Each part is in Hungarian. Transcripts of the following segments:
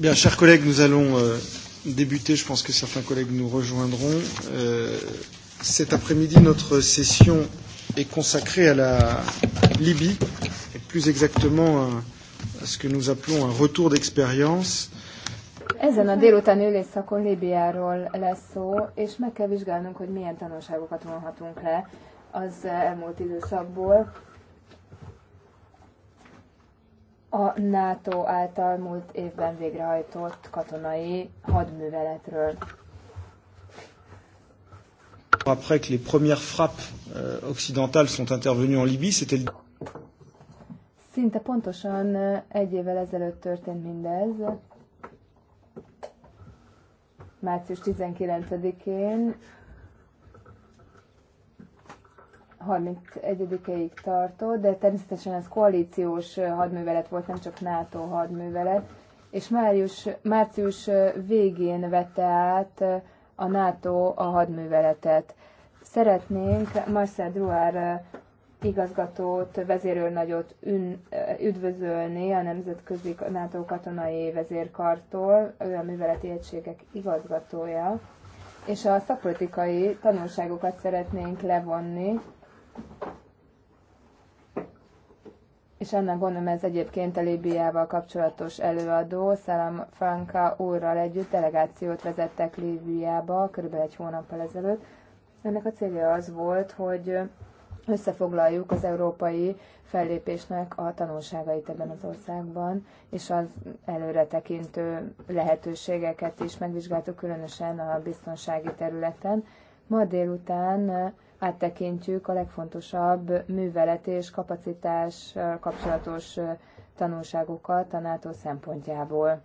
Bien, chers collègues, nous allons euh, débuter. Je pense que certains collègues nous rejoindront. Euh, cet après-midi, notre session est consacrée à la Libye, et plus exactement à, euh, à ce que nous appelons un retour d'expérience. Ezen a délután ülésszakon Líbiáról lesz szó, és meg kell vizsgálnunk, hogy milyen tanulságokat vonhatunk le az elmúlt időszakból a NATO által múlt évben végrehajtott katonai hadműveletről. Après que les premières frappes euh, occidentales sont intervenues en Libye, c'était Szinte pontosan euh, egy évvel ezelőtt történt mindez. Március 19-én 31-ig tartott, de természetesen ez koalíciós hadművelet volt, nem csak NATO hadművelet, és május, március végén vette át a NATO a hadműveletet. Szeretnénk Marcel Druár igazgatót, vezérőrnagyot ün, üdvözölni a Nemzetközi NATO katonai vezérkartól, ő a műveleti egységek igazgatója, és a szakpolitikai tanulságokat szeretnénk levonni és ennek gondolom ez egyébként a Líbiával kapcsolatos előadó, Szalam Franka úrral együtt delegációt vezettek Líbiába körülbelül egy hónappal ezelőtt. Ennek a célja az volt, hogy összefoglaljuk az európai fellépésnek a tanulságait ebben az országban, és az előretekintő lehetőségeket is megvizsgáltuk, különösen a biztonsági területen. Ma délután áttekintjük a legfontosabb művelet és kapacitás kapcsolatos tanulságokat a NATO szempontjából.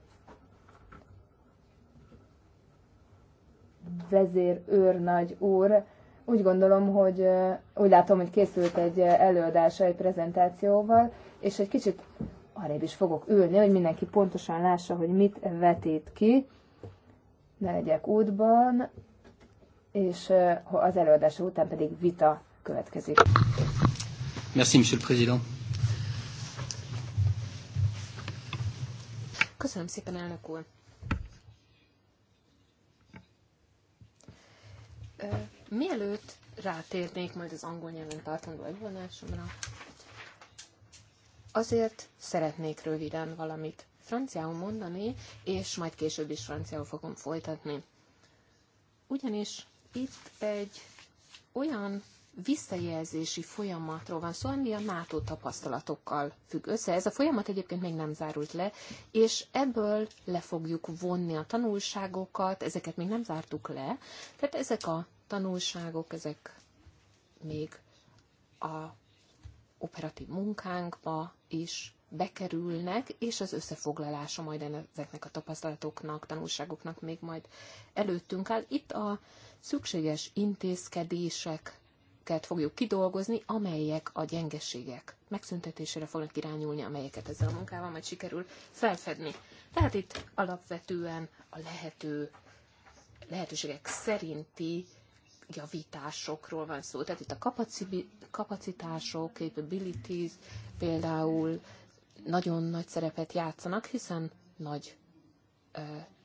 Vezér őrnagy úr, úgy gondolom, hogy úgy látom, hogy készült egy előadása, egy prezentációval, és egy kicsit arrébb is fogok ülni, hogy mindenki pontosan lássa, hogy mit vetít ki. Ne legyek útban és az előadása után pedig vita következik. Merci, Monsieur le Président. Köszönöm szépen, elnök úr. Mielőtt rátérnék majd az angol nyelven tartandó előadásomra, azért szeretnék röviden valamit franciául mondani, és majd később is franciául fogom folytatni. Ugyanis itt egy olyan visszajelzési folyamatról van szó, ami a NATO tapasztalatokkal függ össze. Ez a folyamat egyébként még nem zárult le, és ebből le fogjuk vonni a tanulságokat, ezeket még nem zártuk le. Tehát ezek a tanulságok, ezek még a operatív munkánkba is bekerülnek, és az összefoglalása majd ezeknek a tapasztalatoknak, tanulságoknak még majd előttünk áll. Itt a szükséges intézkedéseket fogjuk kidolgozni, amelyek a gyengeségek megszüntetésére fognak irányulni, amelyeket ezzel a munkával majd sikerül felfedni. Tehát itt alapvetően a lehető lehetőségek szerinti javításokról van szó. Tehát itt a kapacitások, capabilities például nagyon nagy szerepet játszanak, hiszen nagy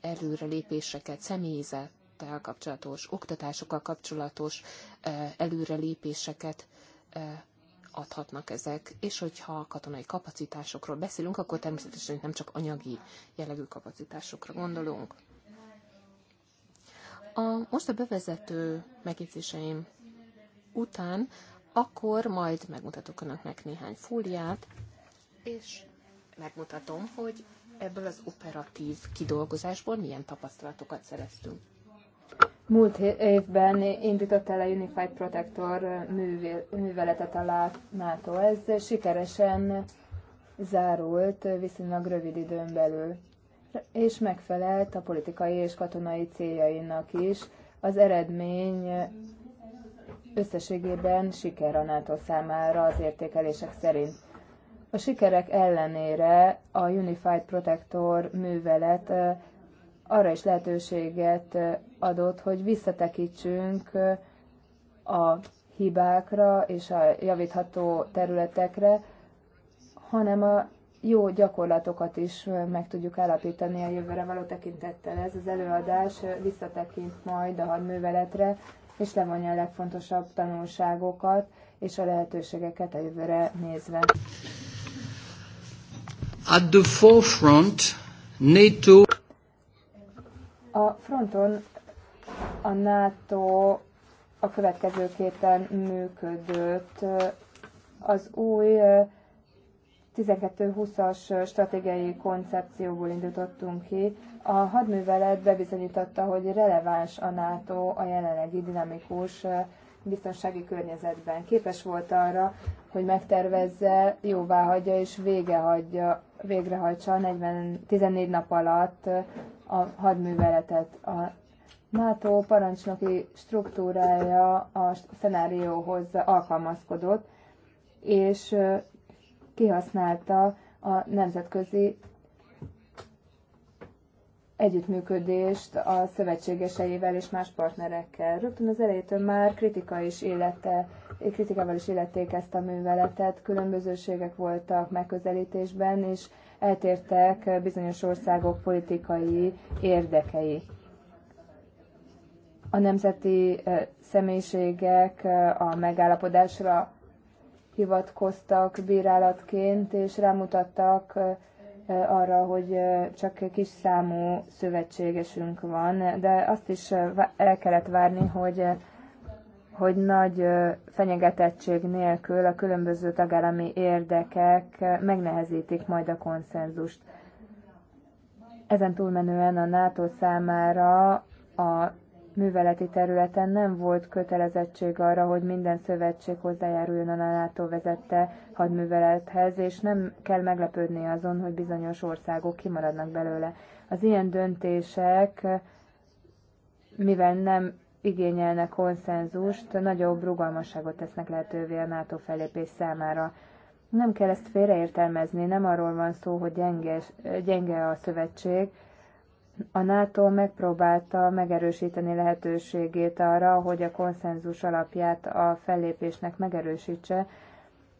előrelépéseket, személyzet, élettel kapcsolatos, oktatásokkal kapcsolatos előrelépéseket adhatnak ezek, és hogyha katonai kapacitásokról beszélünk, akkor természetesen nem csak anyagi jellegű kapacitásokra gondolunk. A, most a bevezető megjegyzéseim után, akkor majd megmutatok önöknek néhány fóliát, és megmutatom, hogy ebből az operatív kidolgozásból milyen tapasztalatokat szereztünk. Múlt évben indított el a Unified Protector műveletet a NATO. Ez sikeresen zárult viszonylag rövid időn belül, és megfelelt a politikai és katonai céljainak is. Az eredmény összességében siker a NATO számára az értékelések szerint. A sikerek ellenére a Unified Protector művelet arra is lehetőséget adott, hogy visszatekítsünk a hibákra és a javítható területekre, hanem a jó gyakorlatokat is meg tudjuk állapítani a jövőre való tekintettel. Ez az előadás visszatekint majd a hadműveletre, és levonja a legfontosabb tanulságokat és a lehetőségeket a jövőre nézve. At the forefront, NATO a fronton a NATO a következőképpen működött. Az új 12-20-as stratégiai koncepcióból indítottunk ki. A hadművelet bebizonyította, hogy releváns a NATO a jelenlegi dinamikus biztonsági környezetben. Képes volt arra, hogy megtervezze, jóváhagyja és végrehajtsa 40, 14 nap alatt a hadműveletet. A NATO parancsnoki struktúrája a szenárióhoz alkalmazkodott, és kihasználta a nemzetközi együttműködést a szövetségeseivel és más partnerekkel. Rögtön az elejétől már kritika is élete, kritikával is illették ezt a műveletet, különbözőségek voltak megközelítésben, és eltértek bizonyos országok politikai érdekei. A nemzeti személyiségek a megállapodásra hivatkoztak bírálatként, és rámutattak arra, hogy csak kis számú szövetségesünk van, de azt is el kellett várni, hogy hogy nagy fenyegetettség nélkül a különböző tagállami érdekek megnehezítik majd a konszenzust. Ezen túlmenően a NATO számára a műveleti területen nem volt kötelezettség arra, hogy minden szövetség hozzájáruljon a NATO vezette hadművelethez, és nem kell meglepődni azon, hogy bizonyos országok kimaradnak belőle. Az ilyen döntések, mivel nem igényelne konszenzust, nagyobb rugalmasságot tesznek lehetővé a NATO felépés számára. Nem kell ezt félreértelmezni, nem arról van szó, hogy gyenges, gyenge a szövetség. A NATO megpróbálta megerősíteni lehetőségét arra, hogy a konszenzus alapját a fellépésnek megerősítse,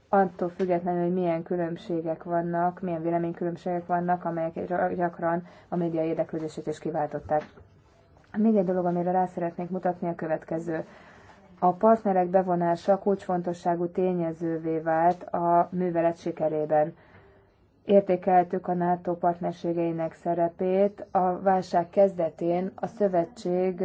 attól függetlenül, hogy milyen különbségek vannak, milyen véleménykülönbségek vannak, amelyek gyakran a média érdeklődését is kiváltották. Még egy dolog, amire rá szeretnék mutatni a következő. A partnerek bevonása kulcsfontosságú tényezővé vált a művelet sikerében. Értékeltük a NATO partnerségeinek szerepét. A válság kezdetén a szövetség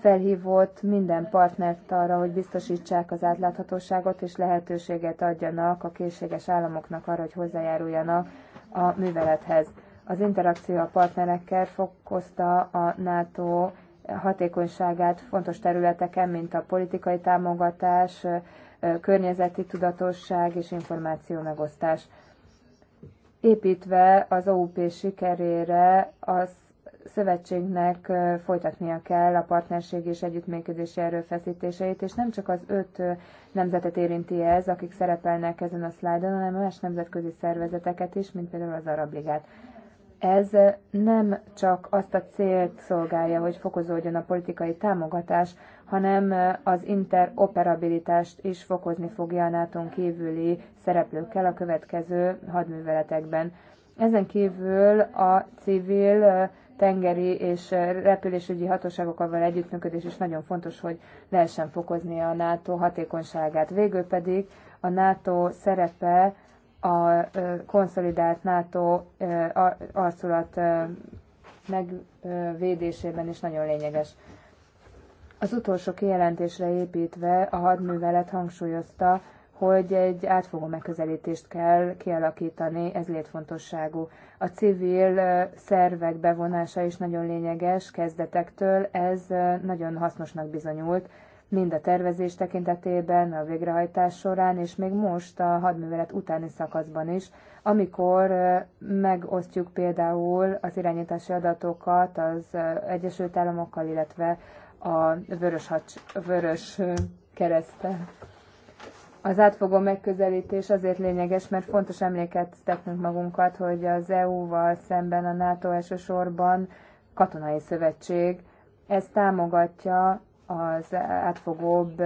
felhívott minden partnert arra, hogy biztosítsák az átláthatóságot és lehetőséget adjanak a készséges államoknak arra, hogy hozzájáruljanak a művelethez. Az interakció a partnerekkel fokozta a NATO hatékonyságát fontos területeken, mint a politikai támogatás, környezeti tudatosság és információ megosztás. Építve az OUP sikerére az szövetségnek folytatnia kell a partnerség és együttműködési erőfeszítéseit, és nem csak az öt nemzetet érinti ez, akik szerepelnek ezen a szlájdon, hanem más nemzetközi szervezeteket is, mint például az Arab Ligát ez nem csak azt a célt szolgálja, hogy fokozódjon a politikai támogatás, hanem az interoperabilitást is fokozni fogja a nato kívüli szereplőkkel a következő hadműveletekben. Ezen kívül a civil tengeri és repülésügyi hatóságokkal való együttműködés is nagyon fontos, hogy lehessen fokozni a NATO hatékonyságát. Végül pedig a NATO szerepe a konszolidált NATO arculat megvédésében is nagyon lényeges. Az utolsó kijelentésre építve a hadművelet hangsúlyozta, hogy egy átfogó megközelítést kell kialakítani, ez létfontosságú. A civil szervek bevonása is nagyon lényeges kezdetektől, ez nagyon hasznosnak bizonyult mind a tervezés tekintetében, a végrehajtás során, és még most a hadművelet utáni szakaszban is, amikor megosztjuk például az irányítási adatokat az Egyesült Államokkal, illetve a Vörös, Hacs, Vörös keresztel. Az átfogó megközelítés azért lényeges, mert fontos emlékeztetnünk magunkat, hogy az EU-val szemben a NATO elsősorban katonai szövetség. Ez támogatja az átfogóbb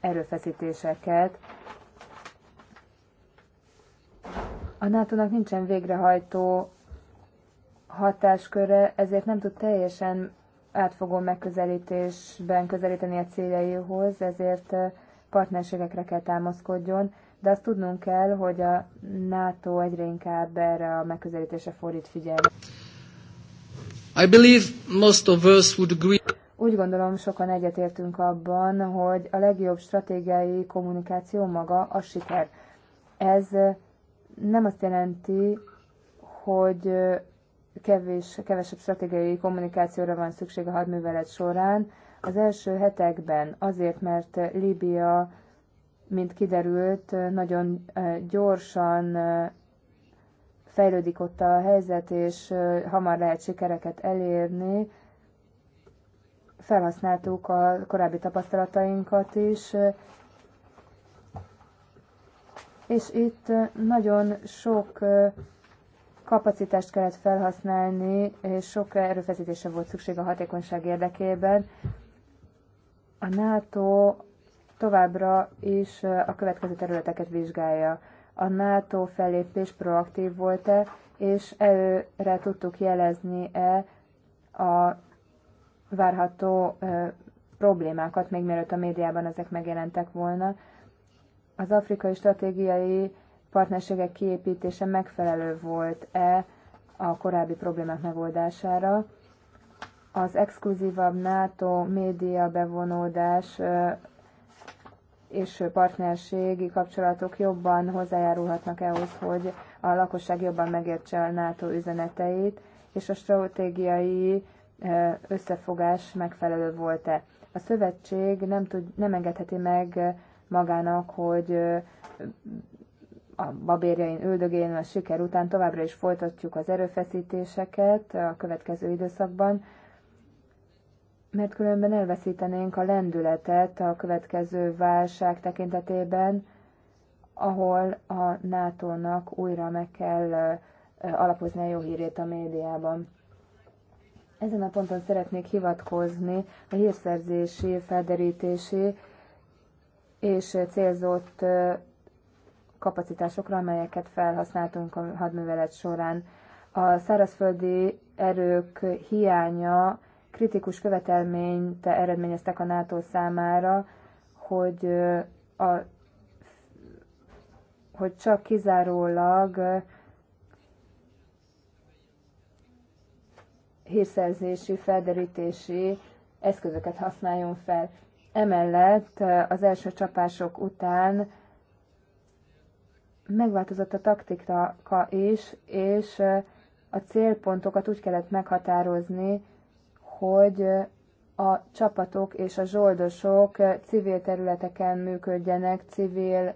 erőfeszítéseket. A NATO-nak nincsen végrehajtó hatásköre, ezért nem tud teljesen átfogó megközelítésben közelíteni a céljaihoz, ezért partnerségekre kell támaszkodjon, de azt tudnunk kell, hogy a NATO egyre inkább erre a megközelítése fordít figyelmet. I believe most of us would agree. Úgy gondolom, sokan egyetértünk abban, hogy a legjobb stratégiai kommunikáció maga a siker. Ez nem azt jelenti, hogy kevés, kevesebb stratégiai kommunikációra van szükség a hadművelet során. Az első hetekben azért, mert Líbia, mint kiderült, nagyon gyorsan fejlődik ott a helyzet, és hamar lehet sikereket elérni, felhasználtuk a korábbi tapasztalatainkat is, és itt nagyon sok kapacitást kellett felhasználni, és sok erőfeszítése volt szükség a hatékonyság érdekében. A NATO továbbra is a következő területeket vizsgálja. A NATO fellépés proaktív volt-e, és előre tudtuk jelezni-e a várható problémákat, még mielőtt a médiában ezek megjelentek volna. Az afrikai stratégiai partnerségek kiépítése megfelelő volt-e a korábbi problémák megoldására? Az exkluzívabb NATO média bevonódás és partnerségi kapcsolatok jobban hozzájárulhatnak ehhoz, hogy a lakosság jobban megértse a NATO üzeneteit, és a stratégiai összefogás megfelelő volt-e. A szövetség nem, tud, nem engedheti meg magának, hogy a babérjain üldögén a siker után továbbra is folytatjuk az erőfeszítéseket a következő időszakban, mert különben elveszítenénk a lendületet a következő válság tekintetében, ahol a NATO-nak újra meg kell alapozni a jó hírét a médiában. Ezen a ponton szeretnék hivatkozni a hírszerzési, felderítési és célzott kapacitásokra, amelyeket felhasználtunk a hadművelet során. A szárazföldi erők hiánya kritikus követelményt eredményeztek a NATO számára, hogy, a, hogy csak kizárólag hírszerzési, felderítési eszközöket használjon fel. Emellett eh, az első csapások után megváltozott a taktika is, és eh, a célpontokat úgy kellett meghatározni, hogy eh, a csapatok és a zsoldosok civil területeken működjenek, civil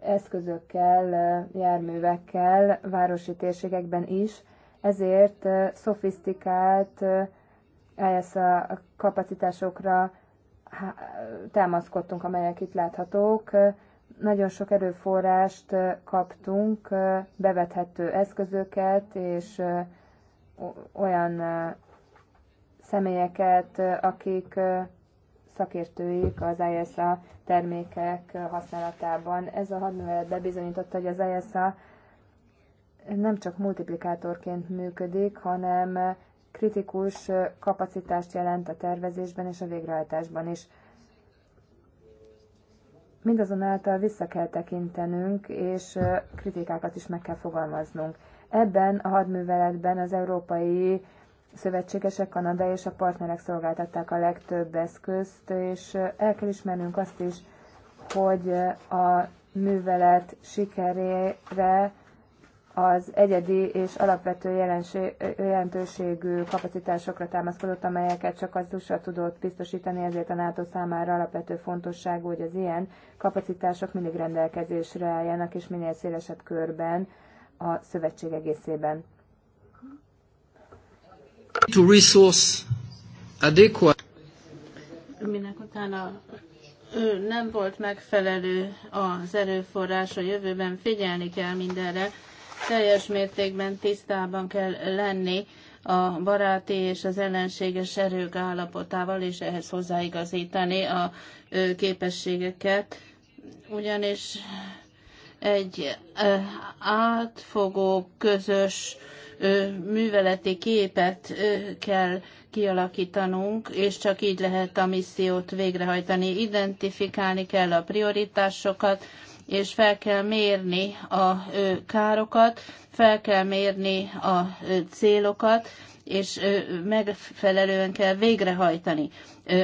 eszközökkel, járművekkel, városi térségekben is, ezért szofisztikált a kapacitásokra támaszkodtunk, amelyek itt láthatók. Nagyon sok erőforrást kaptunk, bevethető eszközöket és olyan személyeket, akik szakértőik az ISA termékek használatában. Ez a hadművelet bebizonyította, hogy az ISA nem csak multiplikátorként működik, hanem kritikus kapacitást jelent a tervezésben és a végrehajtásban is. Mindazonáltal vissza kell tekintenünk, és kritikákat is meg kell fogalmaznunk. Ebben a hadműveletben az európai szövetségesek, Kanada és a partnerek szolgáltatták a legtöbb eszközt, és el kell ismernünk azt is, hogy a művelet sikerére az egyedi és alapvető jelentőségű kapacitásokra támaszkodott, amelyeket csak az USA tudott biztosítani, ezért a NATO számára alapvető fontosságú, hogy az ilyen kapacitások mindig rendelkezésre álljanak, és minél szélesebb körben a szövetség egészében. To resource adequate. Minek utána nem volt megfelelő az erőforrás, a jövőben figyelni kell mindenre, teljes mértékben tisztában kell lenni a baráti és az ellenséges erők állapotával, és ehhez hozzáigazítani a képességeket, ugyanis egy átfogó közös műveleti képet kell kialakítanunk, és csak így lehet a missziót végrehajtani. Identifikálni kell a prioritásokat, és fel kell mérni a károkat, fel kell mérni a célokat, és megfelelően kell végrehajtani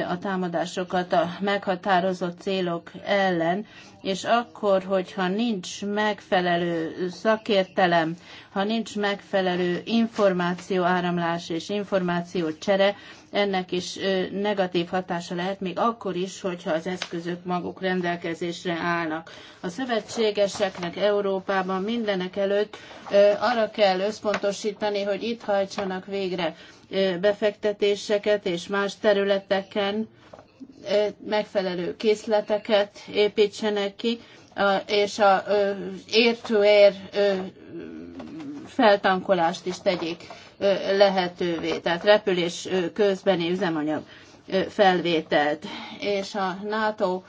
a támadásokat a meghatározott célok ellen, és akkor, hogyha nincs megfelelő szakértelem, ha nincs megfelelő információ áramlás és csere, ennek is negatív hatása lehet, még akkor is, hogyha az eszközök maguk rendelkezésre állnak. A szövetségeseknek Európában mindenek előtt arra kell összpontosítani, hogy itt hajtsanak végre befektetéseket és más területeken megfelelő készleteket építsenek ki, és a ér-to-ér feltankolást is tegyék lehetővé, tehát repülés közbeni üzemanyag felvételt. És a NATO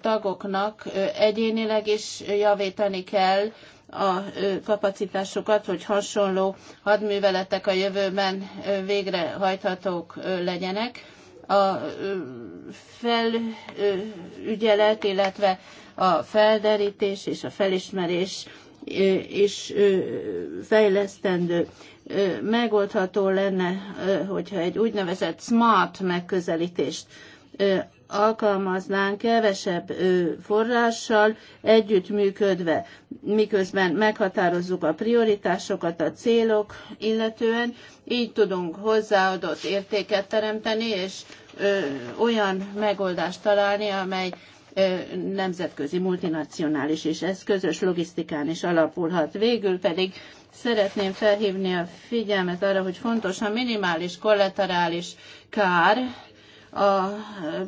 tagoknak egyénileg is javítani kell a kapacitásukat, hogy hasonló hadműveletek a jövőben végrehajthatók legyenek. A felügyelet, illetve a felderítés és a felismerés is fejlesztendő megoldható lenne, hogyha egy úgynevezett smart megközelítést alkalmaznánk kevesebb forrással együttműködve, miközben meghatározzuk a prioritásokat, a célok illetően, így tudunk hozzáadott értéket teremteni, és olyan megoldást találni, amely nemzetközi, multinacionális és ez közös logisztikán is alapulhat. Végül pedig szeretném felhívni a figyelmet arra, hogy fontos a minimális kollaterális kár, a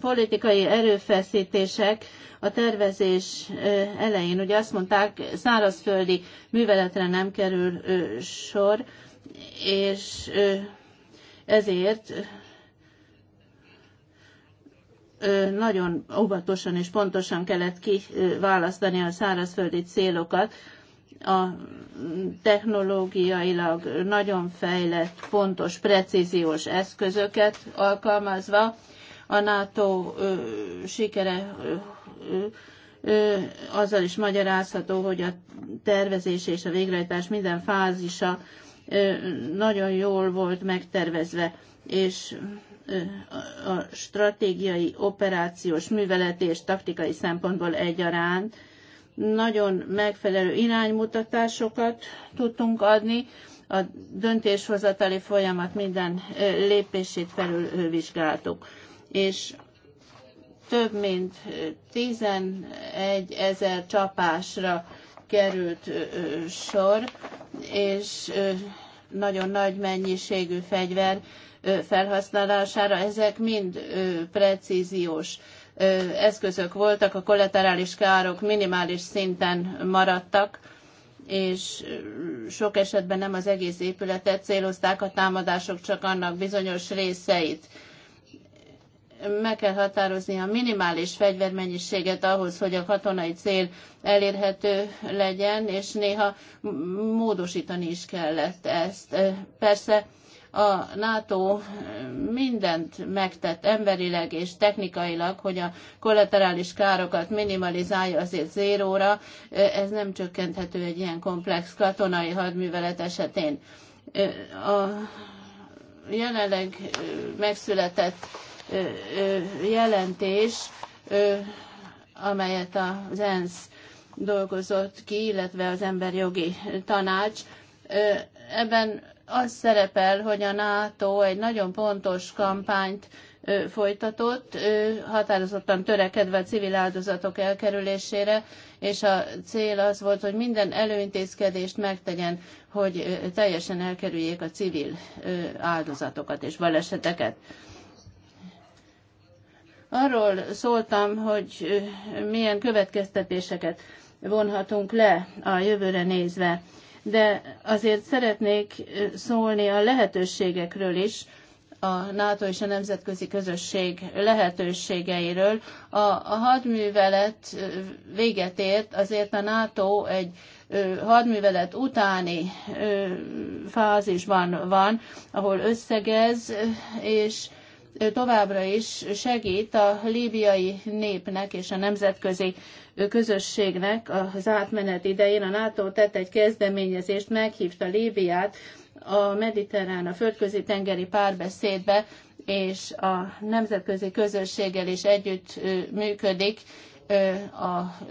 politikai erőfeszítések a tervezés elején, ugye azt mondták, szárazföldi műveletre nem kerül sor, és ezért nagyon óvatosan és pontosan kellett kiválasztani a szárazföldi célokat. A technológiailag nagyon fejlett, pontos, precíziós eszközöket alkalmazva a NATO sikere azzal is magyarázható, hogy a tervezés és a végrehajtás minden fázisa nagyon jól volt megtervezve, és a stratégiai, operációs, műveleti és taktikai szempontból egyaránt nagyon megfelelő iránymutatásokat tudtunk adni, a döntéshozatali folyamat minden lépését vizsgáltuk és több mint 11 ezer csapásra került sor, és nagyon nagy mennyiségű fegyver felhasználására. Ezek mind precíziós eszközök voltak, a kollaterális károk minimális szinten maradtak, és sok esetben nem az egész épületet célozták a támadások, csak annak bizonyos részeit meg kell határozni a minimális fegyvermennyiséget ahhoz, hogy a katonai cél elérhető legyen, és néha módosítani is kellett ezt. Persze a NATO mindent megtett emberileg és technikailag, hogy a kollaterális károkat minimalizálja azért zéróra, ez nem csökkenthető egy ilyen komplex katonai hadművelet esetén. A jelenleg megszületett jelentés, amelyet az ENSZ dolgozott ki, illetve az emberjogi tanács. Ebben az szerepel, hogy a NATO egy nagyon pontos kampányt folytatott, határozottan törekedve a civil áldozatok elkerülésére, és a cél az volt, hogy minden előintézkedést megtegyen, hogy teljesen elkerüljék a civil áldozatokat és baleseteket. Arról szóltam, hogy milyen következtetéseket vonhatunk le a jövőre nézve, de azért szeretnék szólni a lehetőségekről is, a NATO és a nemzetközi közösség lehetőségeiről. A, a hadművelet véget ért, azért a NATO egy hadművelet utáni fázisban van, ahol összegez, és továbbra is segít a líbiai népnek és a nemzetközi közösségnek az átmenet idején. A NATO tett egy kezdeményezést, meghívta Líbiát a mediterrán, a földközi tengeri párbeszédbe, és a nemzetközi közösséggel is együtt működik a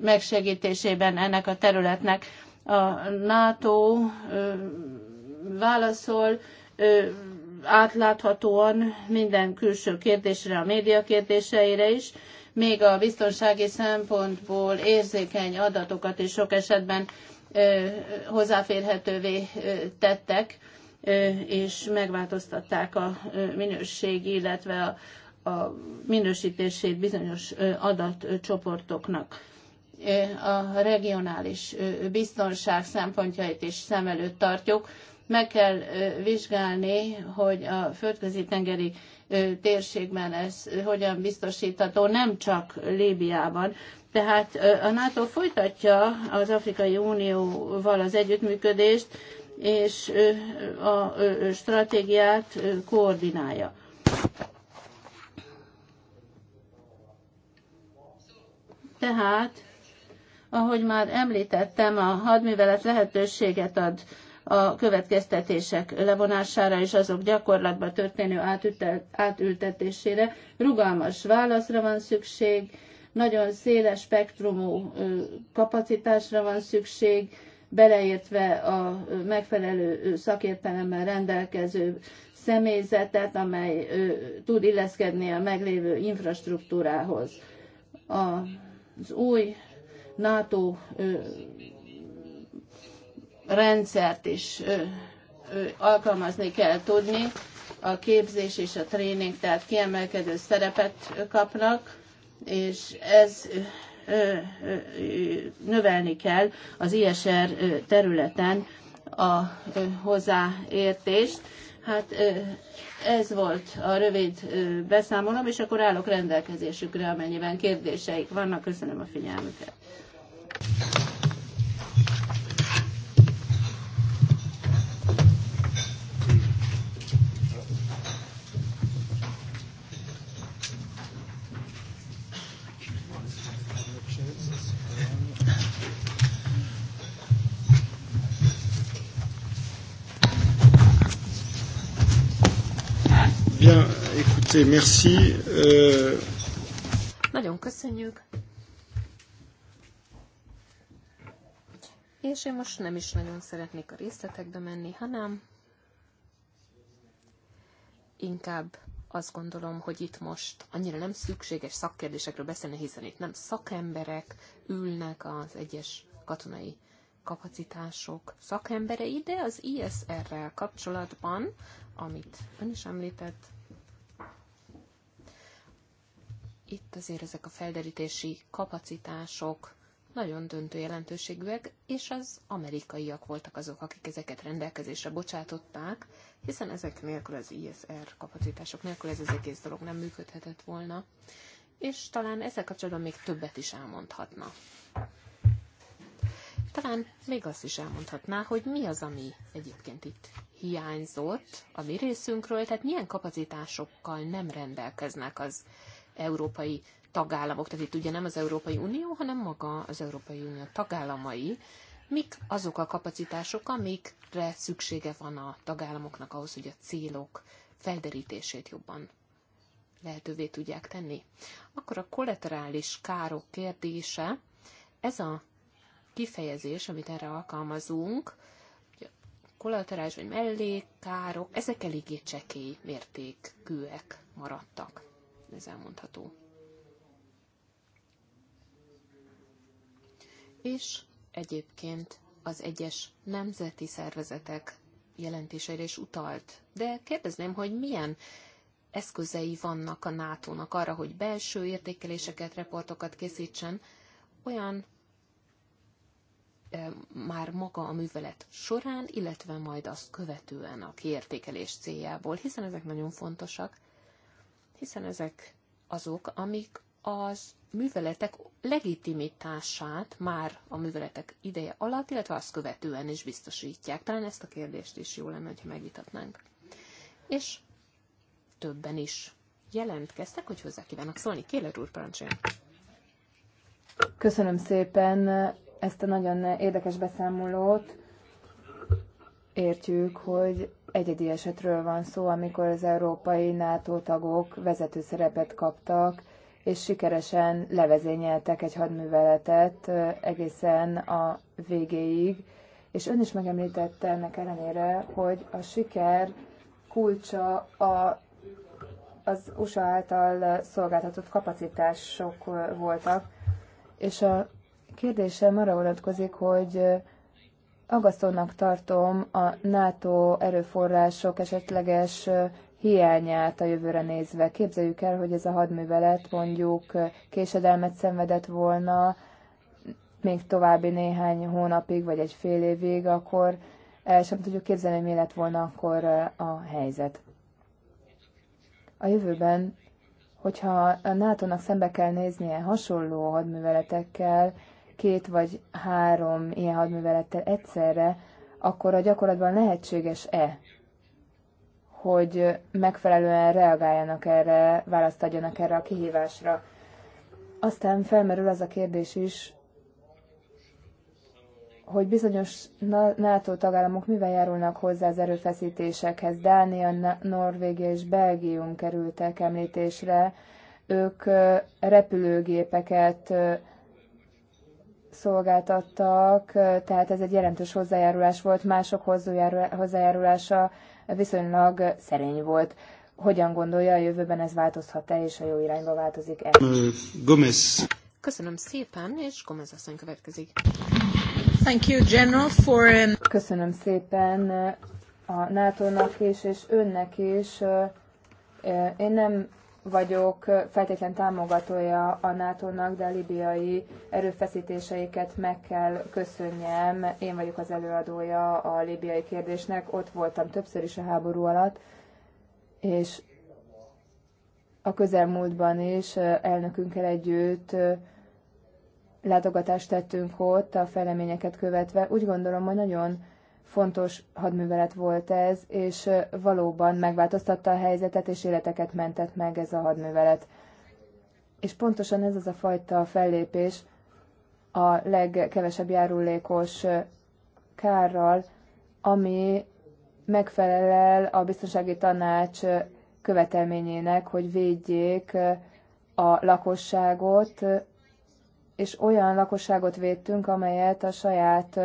megsegítésében ennek a területnek. A NATO válaszol, átláthatóan minden külső kérdésre, a média kérdéseire is, még a biztonsági szempontból érzékeny adatokat is sok esetben hozzáférhetővé tettek, és megváltoztatták a minőség, illetve a, a minősítését bizonyos adatcsoportoknak. A regionális biztonság szempontjait is szem előtt tartjuk, meg kell vizsgálni, hogy a földközi tengeri térségben ez hogyan biztosítható, nem csak Líbiában. Tehát a NATO folytatja az Afrikai Unióval az együttműködést, és a stratégiát koordinálja. Tehát, ahogy már említettem, a hadművelet lehetőséget ad a következtetések levonására és azok gyakorlatba történő átültetésére. Rugalmas válaszra van szükség, nagyon széles spektrumú kapacitásra van szükség, beleértve a megfelelő szakértelemmel rendelkező személyzetet, amely tud illeszkedni a meglévő infrastruktúrához. Az új NATO rendszert is alkalmazni kell tudni, a képzés és a tréning, tehát kiemelkedő szerepet kapnak, és ez növelni kell az ISR területen a hozzáértést. Hát ez volt a rövid beszámolom, és akkor állok rendelkezésükre, amennyiben kérdéseik vannak. Köszönöm a figyelmüket. merci. Euh... Nagyon köszönjük. És én most nem is nagyon szeretnék a részletekbe menni, hanem inkább azt gondolom, hogy itt most annyira nem szükséges szakkérdésekről beszélni, hiszen itt nem szakemberek ülnek az egyes katonai kapacitások szakemberei, de az ISR-rel kapcsolatban, amit ön is említett, itt azért ezek a felderítési kapacitások nagyon döntő jelentőségűek, és az amerikaiak voltak azok, akik ezeket rendelkezésre bocsátották, hiszen ezek nélkül az ISR kapacitások nélkül ez az egész dolog nem működhetett volna, és talán ezzel kapcsolatban még többet is elmondhatna. Talán még azt is elmondhatná, hogy mi az, ami egyébként itt hiányzott a mi részünkről, tehát milyen kapacitásokkal nem rendelkeznek az európai tagállamok, tehát itt ugye nem az Európai Unió, hanem maga az Európai Unió tagállamai, mik azok a kapacitások, amikre szüksége van a tagállamoknak ahhoz, hogy a célok felderítését jobban lehetővé tudják tenni. Akkor a kollaterális károk kérdése, ez a kifejezés, amit erre alkalmazunk, a kollaterális vagy mellékkárok, ezek eléggé csekély mértékűek maradtak ez elmondható. És egyébként az egyes nemzeti szervezetek jelentéseire is utalt. De kérdezném, hogy milyen eszközei vannak a NATO-nak arra, hogy belső értékeléseket, reportokat készítsen, olyan e, már maga a művelet során, illetve majd azt követően a kiértékelés céljából, hiszen ezek nagyon fontosak, hiszen ezek azok, amik az műveletek legitimitását már a műveletek ideje alatt, illetve azt követően is biztosítják. Talán ezt a kérdést is jó lenne, hogyha megvitatnánk. És többen is jelentkeztek, hogy hozzá kívánok szólni. Kéler úr, parancsoljon! Köszönöm szépen ezt a nagyon érdekes beszámolót. Értjük, hogy egyedi esetről van szó, amikor az európai NATO tagok vezető szerepet kaptak, és sikeresen levezényeltek egy hadműveletet egészen a végéig. És ön is megemlítette ennek ellenére, hogy a siker kulcsa a, az USA által szolgáltatott kapacitások voltak. És a kérdésem arra vonatkozik, hogy Agasztónak tartom a NATO erőforrások esetleges hiányát a jövőre nézve. Képzeljük el, hogy ez a hadművelet mondjuk késedelmet szenvedett volna még további néhány hónapig, vagy egy fél évig, akkor el sem tudjuk képzelni, hogy mi lett volna akkor a helyzet. A jövőben, hogyha a NATO-nak szembe kell néznie hasonló hadműveletekkel, két vagy három ilyen hadművelettel egyszerre, akkor a gyakorlatban lehetséges-e, hogy megfelelően reagáljanak erre, választ adjanak erre a kihívásra. Aztán felmerül az a kérdés is, hogy bizonyos NATO tagállamok mivel járulnak hozzá az erőfeszítésekhez. Dánia, Norvégia és Belgium kerültek említésre. Ők repülőgépeket szolgáltattak, tehát ez egy jelentős hozzájárulás volt, mások hozzájárulása viszonylag szerény volt. Hogyan gondolja, a jövőben ez változhat-e, és a jó irányba változik-e? Gomez. Köszönöm szépen, és Gomez asszony következik. Thank you, General, for... Köszönöm szépen a NATO-nak is, és önnek is. Én nem vagyok feltétlen támogatója a NATO-nak, de a libiai erőfeszítéseiket meg kell köszönjem. Én vagyok az előadója a libiai kérdésnek, ott voltam többször is a háború alatt, és a közelmúltban is elnökünkkel együtt látogatást tettünk ott a fejleményeket követve. Úgy gondolom, hogy nagyon Fontos hadművelet volt ez, és valóban megváltoztatta a helyzetet, és életeket mentett meg ez a hadművelet. És pontosan ez az a fajta fellépés a legkevesebb járulékos kárral, ami megfelelel a biztonsági tanács követelményének, hogy védjék a lakosságot, és olyan lakosságot védtünk, amelyet a saját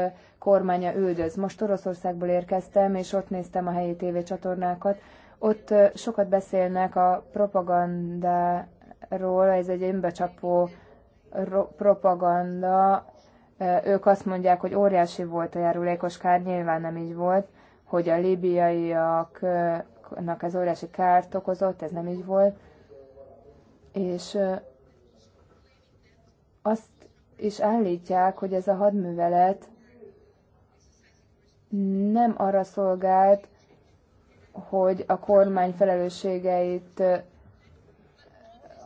kormánya üldöz. Most Oroszországból érkeztem, és ott néztem a helyi tévécsatornákat. Ott sokat beszélnek a propagandáról, ez egy önbecsapó propaganda. Ők azt mondják, hogy óriási volt a járulékos kár, nyilván nem így volt, hogy a libiaiaknak ez óriási kárt okozott, ez nem így volt. És azt is állítják, hogy ez a hadművelet nem arra szolgált, hogy a kormány felelősségeit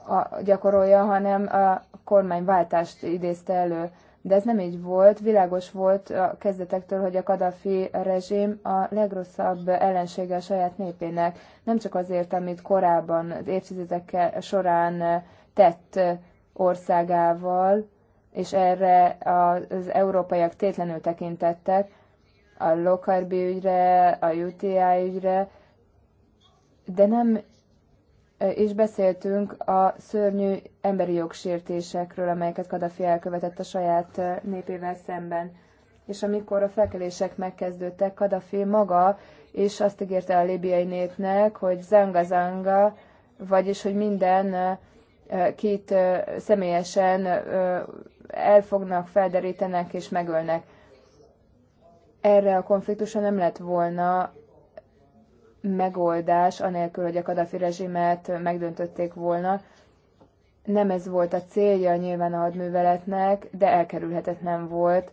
a, gyakorolja, hanem a kormányváltást idézte elő. De ez nem így volt, világos volt a kezdetektől, hogy a Kadafi rezsim a legrosszabb ellensége a saját népének. Nem csak azért, amit korábban az évtizedek során tett országával, és erre az európaiak tétlenül tekintettek, a Lokarbi ügyre, a UTI ügyre, de nem és beszéltünk a szörnyű emberi jogsértésekről, amelyeket Kadafi elkövetett a saját népével szemben. És amikor a felkelések megkezdődtek, Kadafi maga és azt ígérte a libiai népnek, hogy zanga-zanga, vagyis hogy minden két személyesen elfognak, felderítenek és megölnek erre a konfliktusra nem lett volna megoldás, anélkül, hogy a Kadafi rezsimet megdöntötték volna. Nem ez volt a célja nyilván a hadműveletnek, de elkerülhetetlen volt.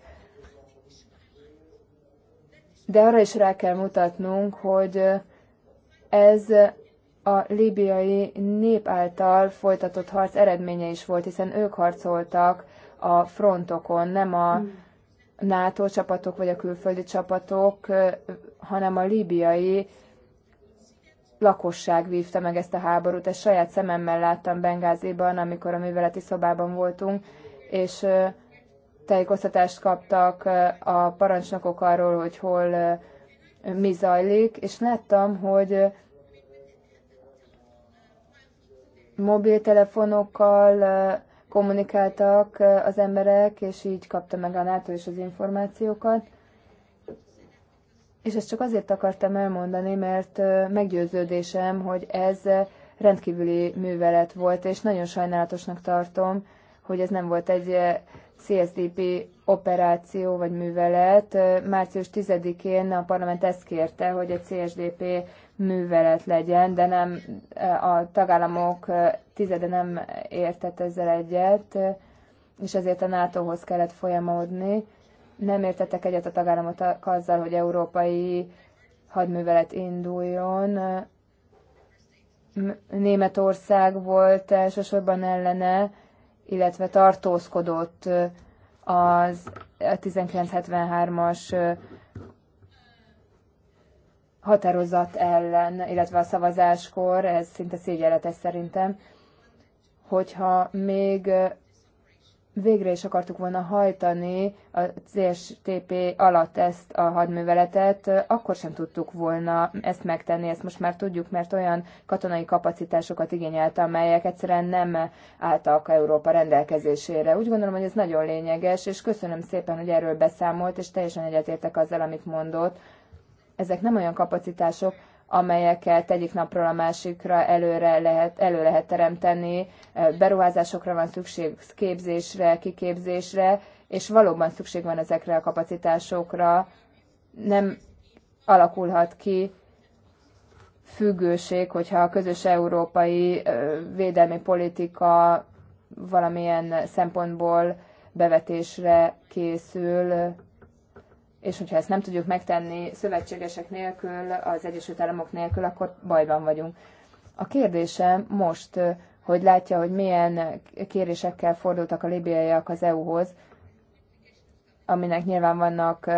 De arra is rá kell mutatnunk, hogy ez a líbiai nép által folytatott harc eredménye is volt, hiszen ők harcoltak a frontokon, nem a hmm. NATO csapatok vagy a külföldi csapatok, hanem a líbiai lakosság vívta meg ezt a háborút. Ezt saját szememmel láttam Bengáziban, amikor a műveleti szobában voltunk, és tájékoztatást kaptak a parancsnokok arról, hogy hol mi zajlik, és láttam, hogy mobiltelefonokkal kommunikáltak az emberek, és így kapta meg a NATO is az információkat. És ezt csak azért akartam elmondani, mert meggyőződésem, hogy ez rendkívüli művelet volt, és nagyon sajnálatosnak tartom, hogy ez nem volt egy CSDP operáció vagy művelet. Március 10-én a parlament ezt kérte, hogy egy CSDP művelet legyen, de nem a tagállamok tizede nem értett ezzel egyet, és ezért a NATO-hoz kellett folyamodni. Nem értettek egyet a tagállamok azzal, hogy európai hadművelet induljon. Németország volt elsősorban ellene, illetve tartózkodott az 1973-as határozat ellen, illetve a szavazáskor, ez szinte szégyenletes szerintem, hogyha még végre is akartuk volna hajtani a CSTP alatt ezt a hadműveletet, akkor sem tudtuk volna ezt megtenni, ezt most már tudjuk, mert olyan katonai kapacitásokat igényelte, amelyek egyszerűen nem álltak Európa rendelkezésére. Úgy gondolom, hogy ez nagyon lényeges, és köszönöm szépen, hogy erről beszámolt, és teljesen egyetértek azzal, amit mondott, ezek nem olyan kapacitások, amelyeket egyik napról a másikra előre lehet, elő lehet teremteni. Beruházásokra van szükség, képzésre, kiképzésre, és valóban szükség van ezekre a kapacitásokra. Nem alakulhat ki függőség, hogyha a közös európai védelmi politika valamilyen szempontból bevetésre készül, és hogyha ezt nem tudjuk megtenni szövetségesek nélkül, az Egyesült Államok nélkül, akkor bajban vagyunk. A kérdésem most, hogy látja, hogy milyen kérésekkel fordultak a libiaiak az EU-hoz, aminek nyilván vannak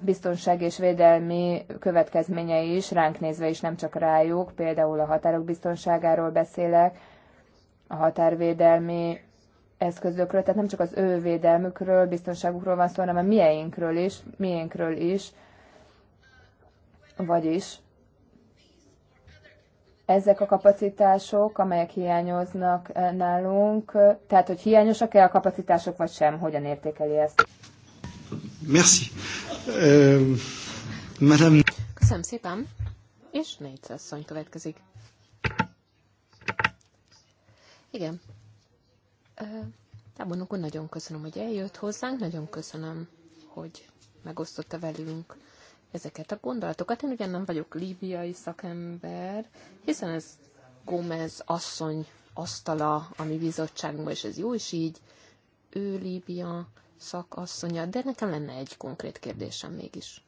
biztonsági és védelmi következményei is, ránk nézve is, nem csak rájuk, például a határok biztonságáról beszélek, a határvédelmi eszközökről, tehát nem csak az ő védelmükről, biztonságukról van szó, hanem a mieinkről is, miénkről is, vagyis ezek a kapacitások, amelyek hiányoznak eh, nálunk, tehát hogy hiányosak-e a kapacitások, vagy sem, hogyan értékeli ezt? Merci. Uh, madame... Köszönöm szépen. És négyszer asszony következik. Igen, Tábornok úr, nagyon köszönöm, hogy eljött hozzánk, nagyon köszönöm, hogy megosztotta velünk ezeket a gondolatokat. Én ugyan nem vagyok líbiai szakember, hiszen ez Gómez asszony asztala a mi bizottságunkban, és ez jó is így. Ő Líbia szakasszonya, de nekem lenne egy konkrét kérdésem mégis.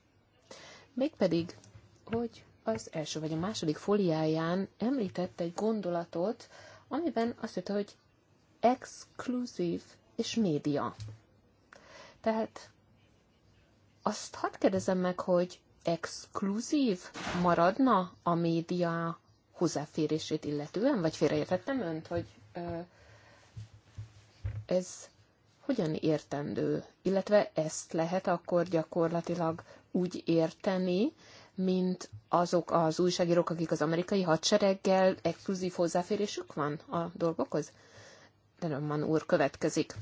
Mégpedig, hogy az első vagy a második fóliáján említett egy gondolatot, amiben azt írta, hogy exkluzív és média. Tehát azt hadd kérdezem meg, hogy exkluzív maradna a média hozzáférését illetően? Vagy félreértettem önt, hogy ez hogyan értendő? Illetve ezt lehet akkor gyakorlatilag úgy érteni, mint azok az újságírók, akik az amerikai hadsereggel exkluzív hozzáférésük van a dolgokhoz? úr következik.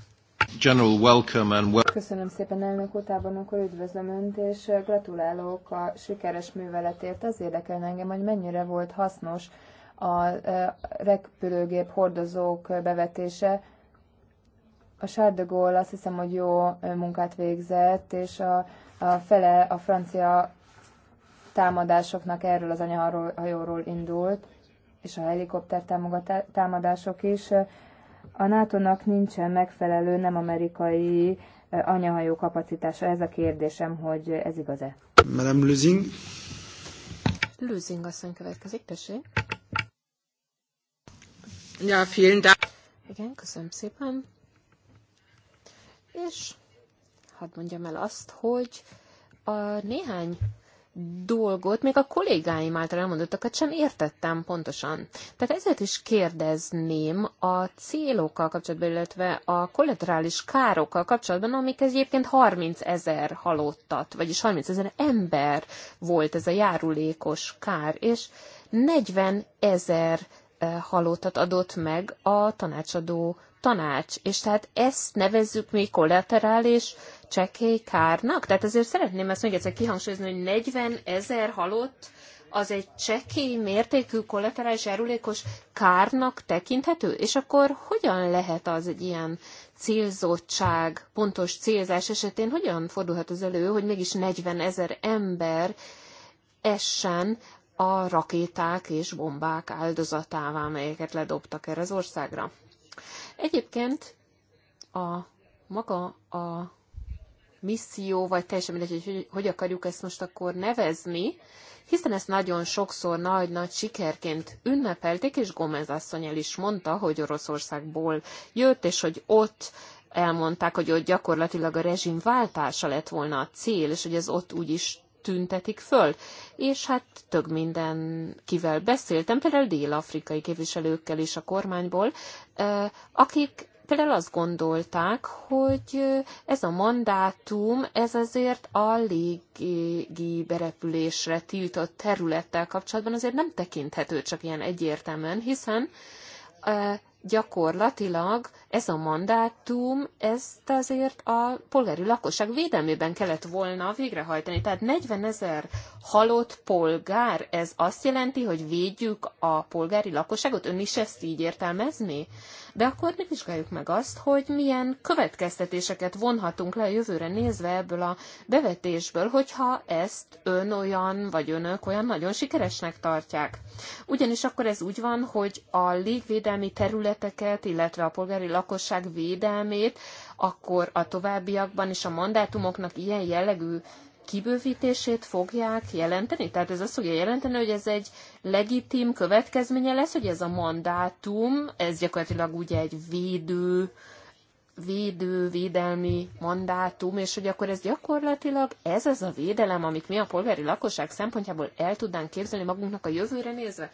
General welcome and welcome. Köszönöm szépen, elnök utában, akkor üdvözlöm Önt, és eh, gratulálok a sikeres műveletért. Az érdekel engem, hogy mennyire volt hasznos a eh, repülőgép hordozók bevetése. A Charles de Gaulle azt hiszem, hogy jó eh, munkát végzett, és a, a fele a francia támadásoknak erről az anyahajóról indult, és a helikopter támadások is a NATO-nak nincsen megfelelő nem amerikai eh, anyahajó kapacitása. Ez a kérdésem, hogy ez igaz-e? Madame Lusing. Lusing asszony következik, tessék. Ja, vielen Dank. Igen, köszönöm szépen. És hadd mondjam el azt, hogy a néhány dolgot, még a kollégáim által elmondottakat sem értettem pontosan. Tehát ezért is kérdezném a célokkal kapcsolatban, illetve a kollaterális károkkal kapcsolatban, amik egyébként 30 ezer halottat, vagyis 30 ezer ember volt ez a járulékos kár, és 40 ezer eh, halottat adott meg a tanácsadó tanács, és tehát ezt nevezzük mi kollaterális csekély kárnak? Tehát azért szeretném ezt még egyszer kihangsúlyozni, hogy 40 ezer halott az egy csekély mértékű kollaterális erülékos kárnak tekinthető? És akkor hogyan lehet az egy ilyen célzottság, pontos célzás esetén, hogyan fordulhat az elő, hogy mégis 40 ezer ember essen a rakéták és bombák áldozatává, amelyeket ledobtak erre az országra. Egyébként a maga a misszió, vagy teljesen mindegy, hogy hogy akarjuk ezt most akkor nevezni, hiszen ezt nagyon sokszor nagy-nagy sikerként ünnepelték, és Gomez asszony el is mondta, hogy Oroszországból jött, és hogy ott elmondták, hogy ott gyakorlatilag a rezsim váltása lett volna a cél, és hogy ez ott úgy is tüntetik föl. És hát több kivel beszéltem, például dél-afrikai képviselőkkel is a kormányból, eh, akik például azt gondolták, hogy ez a mandátum, ez azért a légi berepülésre tiltott területtel kapcsolatban azért nem tekinthető csak ilyen egyértelműen, hiszen gyakorlatilag ez a mandátum, ezt azért a polgári lakosság védelmében kellett volna végrehajtani. Tehát 40 ezer halott polgár, ez azt jelenti, hogy védjük a polgári lakosságot? Ön is ezt így értelmezni? De akkor ne vizsgáljuk meg azt, hogy milyen következtetéseket vonhatunk le a jövőre nézve ebből a bevetésből, hogyha ezt ön olyan, vagy önök olyan nagyon sikeresnek tartják. Ugyanis akkor ez úgy van, hogy a légvédelmi terület területeket, illetve a polgári lakosság védelmét, akkor a továbbiakban is a mandátumoknak ilyen jellegű kibővítését fogják jelenteni? Tehát ez azt fogja jelenteni, hogy ez egy legitim következménye lesz, hogy ez a mandátum, ez gyakorlatilag ugye egy védő, védő, védelmi mandátum, és hogy akkor ez gyakorlatilag ez az a védelem, amit mi a polgári lakosság szempontjából el tudnánk képzelni magunknak a jövőre nézve.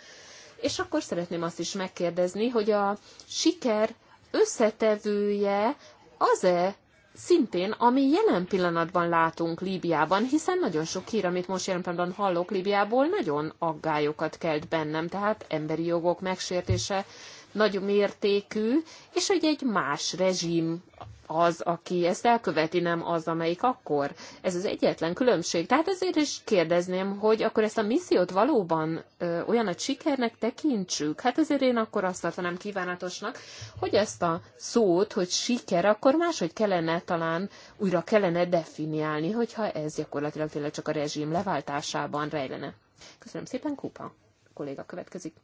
És akkor szeretném azt is megkérdezni, hogy a siker összetevője az-e szintén, ami jelen pillanatban látunk Líbiában, hiszen nagyon sok hír, amit most jelen pillanatban hallok Líbiából, nagyon aggályokat kelt bennem, tehát emberi jogok megsértése, nagyon mértékű, és hogy egy más rezsim az, aki ezt elköveti, nem az, amelyik akkor. Ez az egyetlen különbség. Tehát ezért is kérdezném, hogy akkor ezt a missziót valóban ö, olyan a sikernek tekintsük. Hát ezért én akkor azt tartanám kívánatosnak, hogy ezt a szót, hogy siker, akkor máshogy kellene talán újra kellene definiálni, hogyha ez gyakorlatilag tényleg csak a rezsim leváltásában rejlene. Köszönöm szépen, Kupa. A kolléga következik.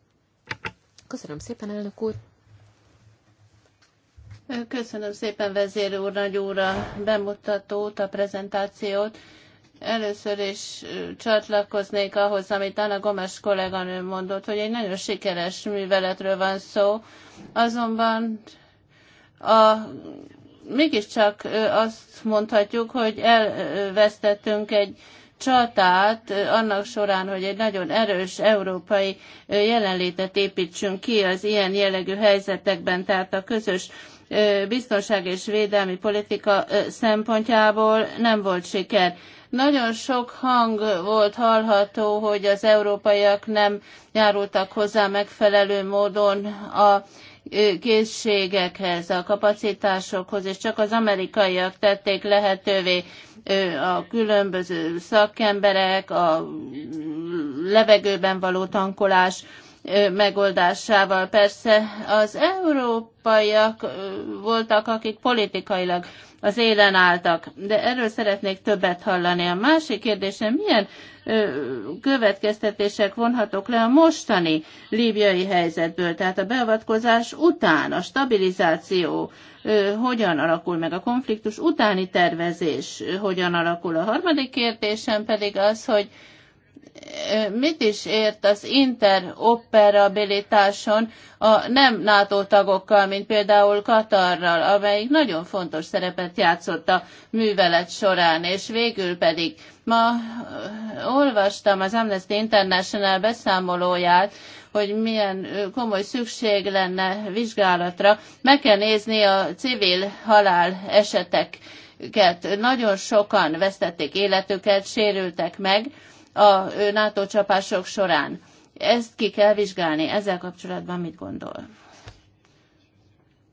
Köszönöm szépen, elnök úr. Köszönöm szépen vezér úr, nagy úr a bemutatót, a prezentációt. Először is csatlakoznék ahhoz, amit Anna Gomes kolléganő mondott, hogy egy nagyon sikeres műveletről van szó, azonban a mégiscsak azt mondhatjuk, hogy elvesztettünk egy csatát annak során, hogy egy nagyon erős európai jelenlétet építsünk ki az ilyen jellegű helyzetekben, tehát a közös biztonság és védelmi politika szempontjából nem volt siker. Nagyon sok hang volt hallható, hogy az európaiak nem járultak hozzá megfelelő módon a készségekhez, a kapacitásokhoz, és csak az amerikaiak tették lehetővé a különböző szakemberek, a levegőben való tankolás, megoldásával. Persze az európaiak voltak, akik politikailag az élen álltak, de erről szeretnék többet hallani. A másik kérdésem, milyen következtetések vonhatók le a mostani líbiai helyzetből, tehát a beavatkozás után, a stabilizáció hogyan alakul meg, a konfliktus utáni tervezés hogyan alakul. A harmadik kérdésem pedig az, hogy mit is ért az interoperabilitáson a nem NATO tagokkal, mint például Katarral, amelyik nagyon fontos szerepet játszott a művelet során, és végül pedig ma olvastam az Amnesty International beszámolóját, hogy milyen komoly szükség lenne vizsgálatra. Meg kell nézni a civil halál eseteket. Nagyon sokan vesztették életüket, sérültek meg, a NATO csapások során. Ezt ki kell vizsgálni. Ezzel kapcsolatban mit gondol?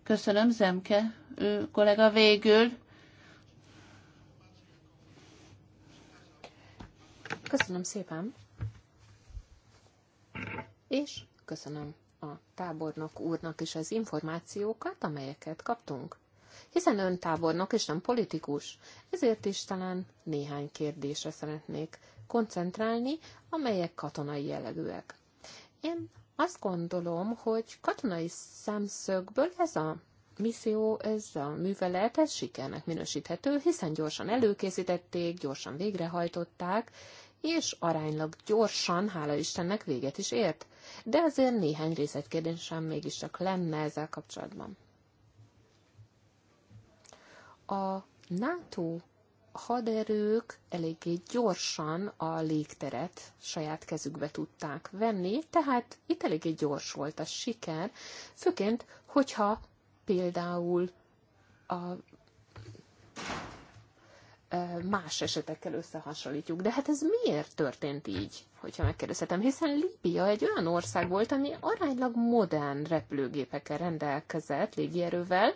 Köszönöm, Zemke ő kollega végül. Köszönöm szépen. És köszönöm a tábornok úrnak is az információkat, amelyeket kaptunk. Hiszen ön tábornok és nem politikus, ezért is talán néhány kérdésre szeretnék koncentrálni, amelyek katonai jellegűek. Én azt gondolom, hogy katonai szemszögből ez a misszió, ez a művelet, ez sikernek minősíthető, hiszen gyorsan előkészítették, gyorsan végrehajtották, és aránylag gyorsan, hála Istennek, véget is ért. De azért néhány részletkérdésem mégiscsak lenne ezzel kapcsolatban. A NATO haderők eléggé gyorsan a légteret saját kezükbe tudták venni, tehát itt eléggé gyors volt a siker, főként, hogyha például a más esetekkel összehasonlítjuk. De hát ez miért történt így, hogyha megkérdezhetem? Hiszen Líbia egy olyan ország volt, ami aránylag modern repülőgépekkel rendelkezett, légierővel,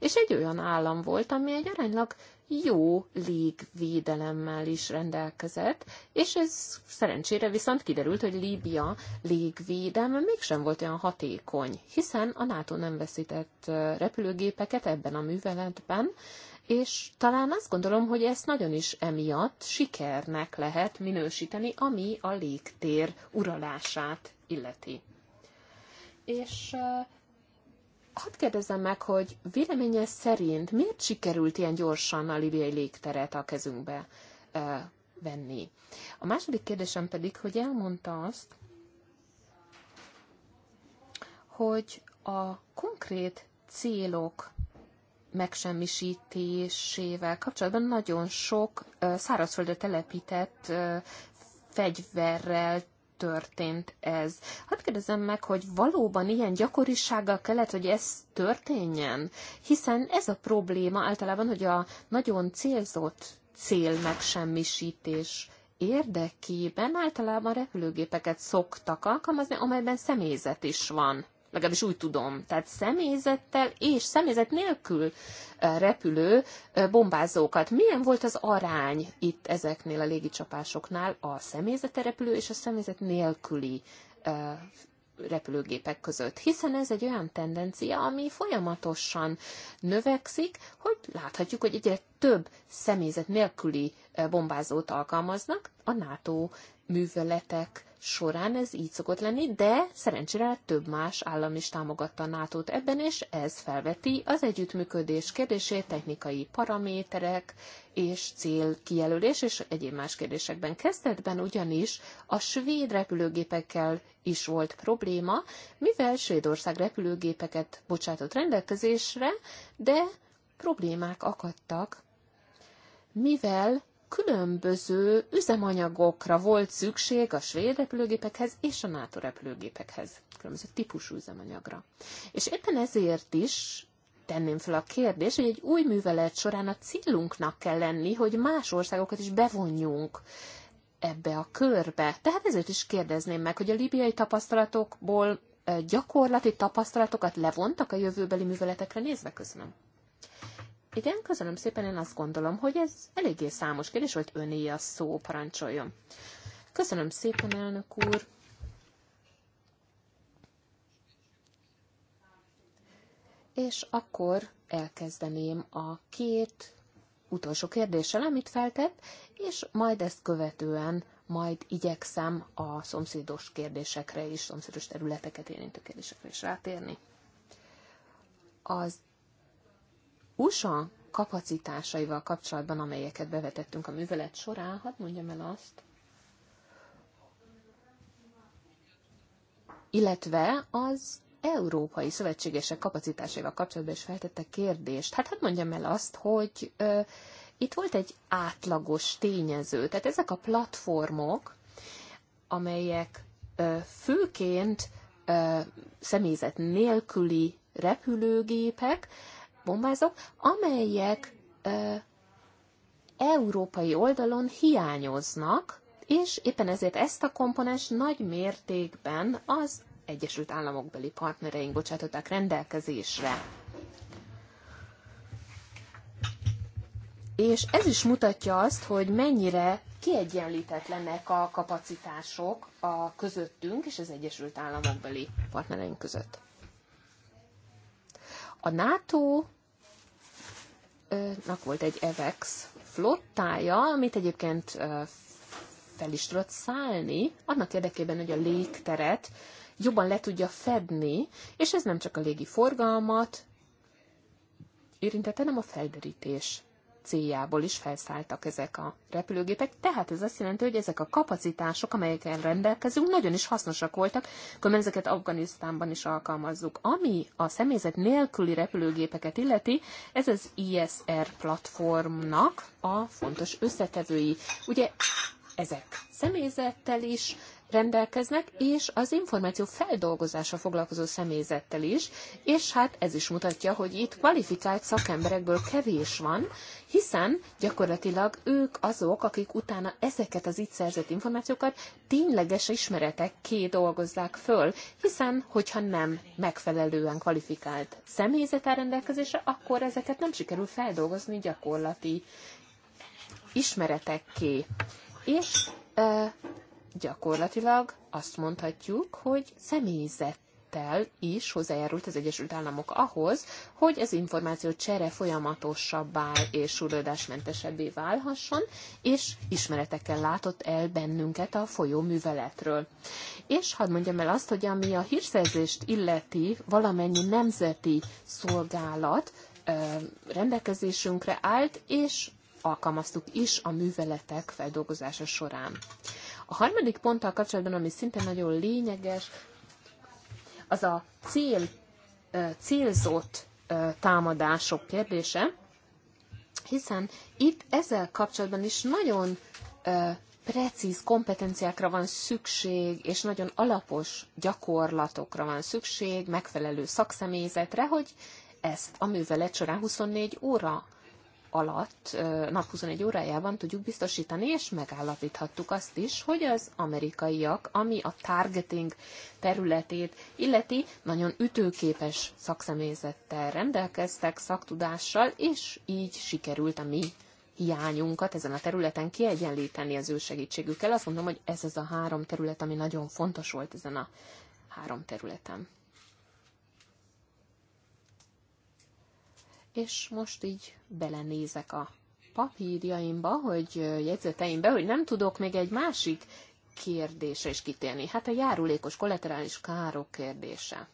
és egy olyan állam volt, ami egy aránylag jó légvédelemmel is rendelkezett, és ez szerencsére viszont kiderült, hogy Líbia légvédelme mégsem volt olyan hatékony, hiszen a NATO nem veszített repülőgépeket ebben a műveletben, és talán azt gondolom, hogy ezt nagyon is emiatt sikernek lehet minősíteni, ami a légtér uralását illeti. És hadd kérdezem meg, hogy véleménye szerint miért sikerült ilyen gyorsan a libiai légteret a kezünkbe venni? A második kérdésem pedig, hogy elmondta azt, hogy a konkrét célok megsemmisítésével kapcsolatban nagyon sok szárazföldre telepített fegyverrel történt ez. Hát kérdezem meg, hogy valóban ilyen gyakorisággal kellett, hogy ez történjen? Hiszen ez a probléma általában, hogy a nagyon célzott cél megsemmisítés érdekében általában repülőgépeket szoktak alkalmazni, amelyben személyzet is van legalábbis úgy tudom. Tehát személyzettel és személyzet nélkül repülő bombázókat. Milyen volt az arány itt ezeknél a légicsapásoknál a személyzete repülő és a személyzet nélküli repülőgépek között, hiszen ez egy olyan tendencia, ami folyamatosan növekszik, hogy láthatjuk, hogy egyre több személyzet nélküli bombázót alkalmaznak a NATO műveletek során ez így szokott lenni, de szerencsére több más állam is támogatta a nato ebben, és ez felveti az együttműködés kérdését, technikai paraméterek és célkijelölés és egyéb más kérdésekben. Kezdetben ugyanis a svéd repülőgépekkel is volt probléma, mivel Svédország repülőgépeket bocsátott rendelkezésre, de problémák akadtak, mivel különböző üzemanyagokra volt szükség a svéd repülőgépekhez és a NATO repülőgépekhez, különböző típusú üzemanyagra. És éppen ezért is tenném fel a kérdést, hogy egy új művelet során a célunknak kell lenni, hogy más országokat is bevonjunk ebbe a körbe. Tehát ezért is kérdezném meg, hogy a libiai tapasztalatokból eh, gyakorlati tapasztalatokat levontak a jövőbeli műveletekre nézve? Köszönöm. Igen, köszönöm szépen, én azt gondolom, hogy ez eléggé számos kérdés, hogy öné a szó, parancsoljon. Köszönöm szépen, elnök úr. És akkor elkezdeném a két utolsó kérdéssel, amit feltett, és majd ezt követően majd igyekszem a szomszédos kérdésekre is, szomszédos területeket érintő kérdésekre is rátérni. Az USA kapacitásaival kapcsolatban, amelyeket bevetettünk a művelet során, hadd mondjam el azt, illetve az európai szövetségesek kapacitásaival kapcsolatban is feltette kérdést. Hát hát mondjam el azt, hogy ö, itt volt egy átlagos tényező. Tehát ezek a platformok, amelyek ö, főként ö, személyzet nélküli repülőgépek, bombázók, amelyek e, európai oldalon hiányoznak, és éppen ezért ezt a komponens nagy mértékben az Egyesült Államokbeli partnereink bocsátották rendelkezésre. És ez is mutatja azt, hogy mennyire kiegyenlítetlenek a kapacitások a közöttünk és az Egyesült Államokbeli partnereink között. A NATO nak volt egy Evex flottája, amit egyébként fel is tudott szállni, annak érdekében, hogy a légteret jobban le tudja fedni, és ez nem csak a légi forgalmat érintette, nem a felderítés céljából is felszálltak ezek a repülőgépek, tehát ez azt jelenti, hogy ezek a kapacitások, amelyekkel rendelkezünk, nagyon is hasznosak voltak, különben ezeket Afganisztánban is alkalmazzuk. Ami a személyzet nélküli repülőgépeket illeti, ez az ISR platformnak a fontos összetevői. Ugye ezek személyzettel is, rendelkeznek, és az információ feldolgozása foglalkozó személyzettel is, és hát ez is mutatja, hogy itt kvalifikált szakemberekből kevés van, hiszen gyakorlatilag ők azok, akik utána ezeket az itt szerzett információkat tényleges ismeretekké dolgozzák föl, hiszen hogyha nem megfelelően kvalifikált személyzet áll rendelkezésre, akkor ezeket nem sikerül feldolgozni gyakorlati ismeretekké. És gyakorlatilag azt mondhatjuk, hogy személyzet is hozzájárult az Egyesült Államok ahhoz, hogy az információ csere folyamatosabbá és súrlódásmentesebbé válhasson, és ismeretekkel látott el bennünket a folyó műveletről. És hadd mondjam el azt, hogy ami a hírszerzést illeti valamennyi nemzeti szolgálat rendelkezésünkre állt, és alkalmaztuk is a műveletek feldolgozása során. A harmadik ponttal kapcsolatban, ami szinte nagyon lényeges, az a cél, célzott támadások kérdése, hiszen itt ezzel kapcsolatban is nagyon precíz kompetenciákra van szükség, és nagyon alapos gyakorlatokra van szükség, megfelelő szakszemélyzetre, hogy ezt a művelet során 24 óra alatt, nap 21 órájában tudjuk biztosítani, és megállapíthattuk azt is, hogy az amerikaiak, ami a targeting területét illeti, nagyon ütőképes szakszemélyzettel rendelkeztek, szaktudással, és így sikerült a mi hiányunkat ezen a területen kiegyenlíteni az ő segítségükkel. Azt mondom, hogy ez az a három terület, ami nagyon fontos volt ezen a három területen. és most így belenézek a papírjaimba, hogy jegyzeteimbe, hogy nem tudok még egy másik kérdésre is kitérni. Hát a járulékos kollaterális károk kérdése.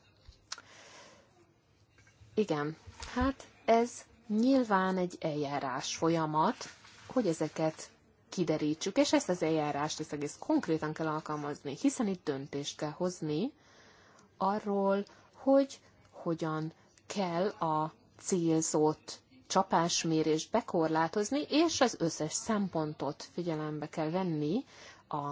Igen, hát ez nyilván egy eljárás folyamat, hogy ezeket kiderítsük, és ezt az eljárást, ezt egész konkrétan kell alkalmazni, hiszen itt döntést kell hozni arról, hogy hogyan kell a célzott csapásmérést bekorlátozni, és az összes szempontot figyelembe kell venni a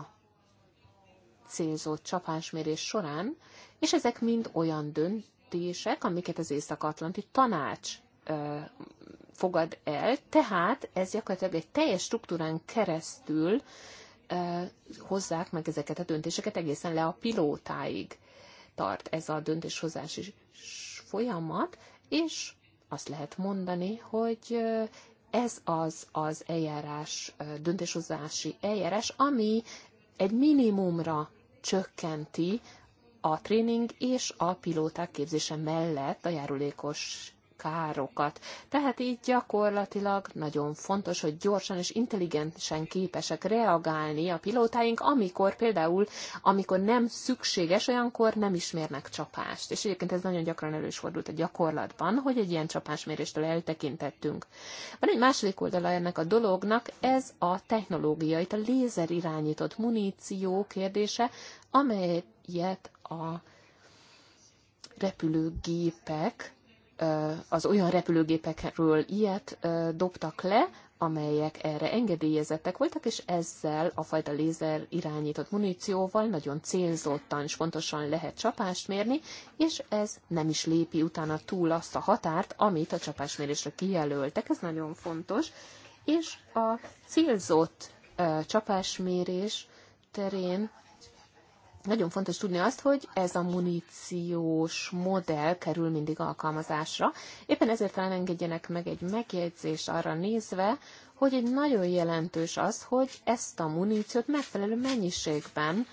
célzott csapásmérés során, és ezek mind olyan döntések, amiket az Észak-Atlanti Tanács ö, fogad el, tehát ez gyakorlatilag egy teljes struktúrán keresztül ö, hozzák meg ezeket a döntéseket egészen le a pilótáig tart ez a döntéshozási folyamat, és azt lehet mondani, hogy ez az az eljárás, döntéshozási eljárás, ami egy minimumra csökkenti a tréning és a pilóták képzése mellett a járulékos károkat. Tehát így gyakorlatilag nagyon fontos, hogy gyorsan és intelligensen képesek reagálni a pilótáink, amikor például, amikor nem szükséges, olyankor nem ismérnek csapást. És egyébként ez nagyon gyakran fordult a gyakorlatban, hogy egy ilyen csapásméréstől eltekintettünk. Van egy második oldala ennek a dolognak, ez a technológia, itt a lézer irányított muníció kérdése, amelyet a repülőgépek az olyan repülőgépekről ilyet dobtak le, amelyek erre engedélyezettek voltak, és ezzel a fajta lézer irányított munícióval nagyon célzottan és pontosan lehet csapást mérni, és ez nem is lépi utána túl azt a határt, amit a csapásmérésre kijelöltek. Ez nagyon fontos. És a célzott uh, csapásmérés terén nagyon fontos tudni azt, hogy ez a muníciós modell kerül mindig alkalmazásra. Éppen ezért talán engedjenek meg egy megjegyzés arra nézve, hogy egy nagyon jelentős az, hogy ezt a muníciót megfelelő mennyiségben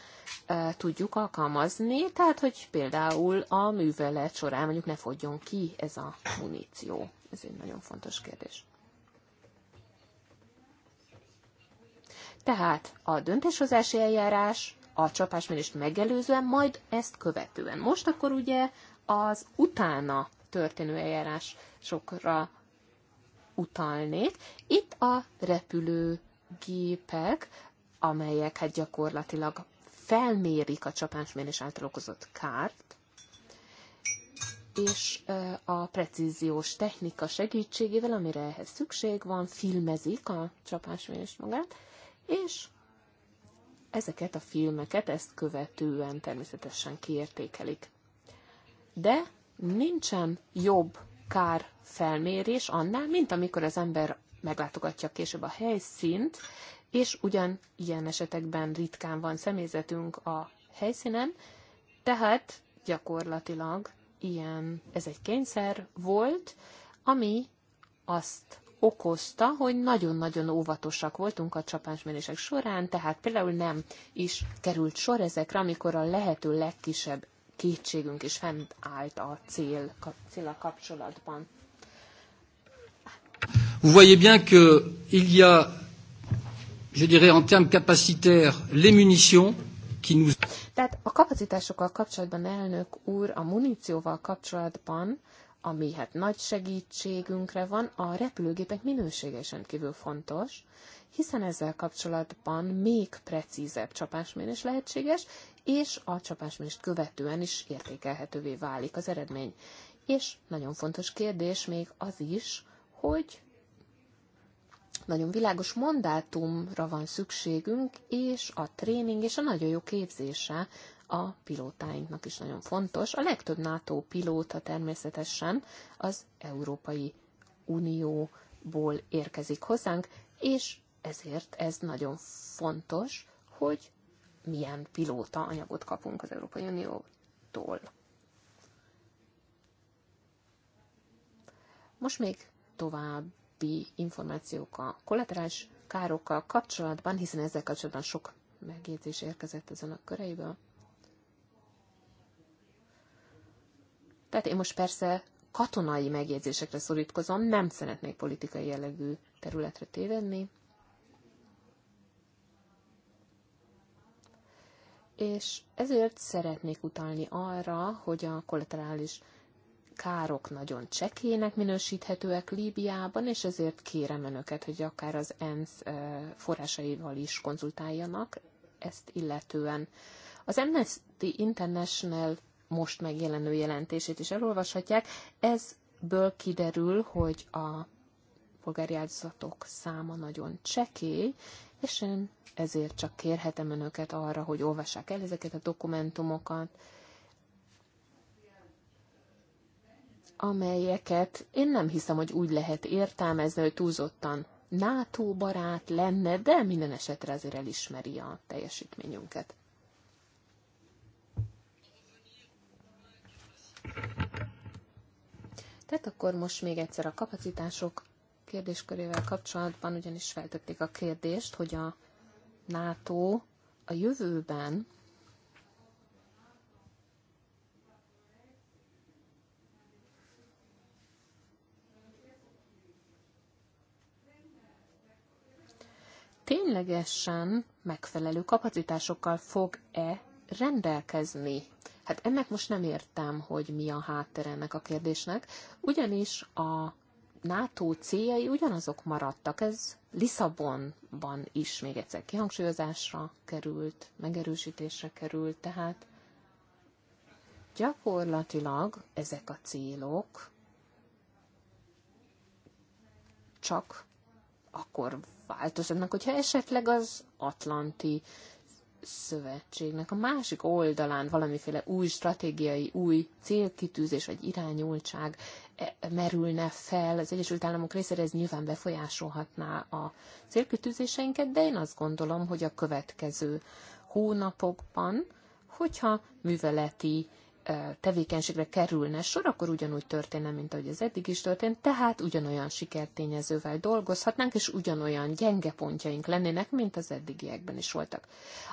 e, tudjuk alkalmazni, tehát hogy például a művelet során mondjuk ne fogjon ki ez a muníció. Ez egy nagyon fontos kérdés. Tehát a döntéshozási eljárás a csapásmérést megelőzően, majd ezt követően. Most akkor ugye az utána történő sokra utalnék. Itt a repülőgépek, amelyek hát gyakorlatilag felmérik a csapásmérés által okozott kárt, és a precíziós technika segítségével, amire ehhez szükség van, filmezik a csapásmérés magát, és ezeket a filmeket ezt követően természetesen kiértékelik. De nincsen jobb kár felmérés annál, mint amikor az ember meglátogatja később a helyszínt, és ugyan ilyen esetekben ritkán van személyzetünk a helyszínen, tehát gyakorlatilag ilyen, ez egy kényszer volt, ami azt okozta, hogy nagyon-nagyon óvatosak voltunk a csapásmérések során, tehát például nem is került sor ezekre, amikor a lehető legkisebb kétségünk is állt a cél, a cél a kapcsolatban. Vous voyez bien que il y a, je dirais en termes capacitaires, les munitions qui nous... Tehát a kapacitásokkal kapcsolatban, elnök úr, a munícióval kapcsolatban ami hát nagy segítségünkre van, a repülőgépek minősége is rendkívül fontos, hiszen ezzel kapcsolatban még precízebb csapásmérés lehetséges, és a csapásmérést követően is értékelhetővé válik az eredmény. És nagyon fontos kérdés még az is, hogy nagyon világos mandátumra van szükségünk, és a tréning és a nagyon jó képzése a pilótáinknak is nagyon fontos. A legtöbb NATO pilóta természetesen az Európai Unióból érkezik hozzánk, és ezért ez nagyon fontos, hogy milyen pilóta anyagot kapunk az Európai Uniótól. Most még további információk a kollaterális károkkal kapcsolatban, hiszen ezzel kapcsolatban sok megjegyzés érkezett ezen a köreiből. Tehát én most persze katonai megjegyzésekre szorítkozom, nem szeretnék politikai jellegű területre tévedni. És ezért szeretnék utalni arra, hogy a kollaterális károk nagyon csekének minősíthetőek Líbiában, és ezért kérem önöket, hogy akár az ENSZ forrásaival is konzultáljanak ezt illetően. Az Amnesty International most megjelenő jelentését is elolvashatják. Ezből kiderül, hogy a polgári áldozatok száma nagyon csekély, és én ezért csak kérhetem önöket arra, hogy olvassák el ezeket a dokumentumokat, amelyeket én nem hiszem, hogy úgy lehet értelmezni, hogy túlzottan NATO barát lenne, de minden esetre azért elismeri a teljesítményünket. Tehát akkor most még egyszer a kapacitások kérdéskörével kapcsolatban ugyanis feltették a kérdést, hogy a NATO a jövőben ténylegesen megfelelő kapacitásokkal fog-e rendelkezni Hát ennek most nem értem, hogy mi a háttere ennek a kérdésnek, ugyanis a NATO céljai ugyanazok maradtak. Ez Lisszabonban is még egyszer kihangsúlyozásra került, megerősítésre került, tehát gyakorlatilag ezek a célok csak akkor változnak, hogyha esetleg az atlanti szövetségnek a másik oldalán valamiféle új stratégiai, új célkitűzés vagy irányultság e, merülne fel az Egyesült Államok részére, ez nyilván befolyásolhatná a célkitűzéseinket, de én azt gondolom, hogy a következő hónapokban, hogyha műveleti tevékenységre kerülne sor, akkor ugyanúgy történne, mint ahogy ez eddig is történt, tehát ugyanolyan sikertényezővel dolgozhatnánk, és ugyanolyan gyenge pontjaink lennének, mint az eddigiekben is voltak.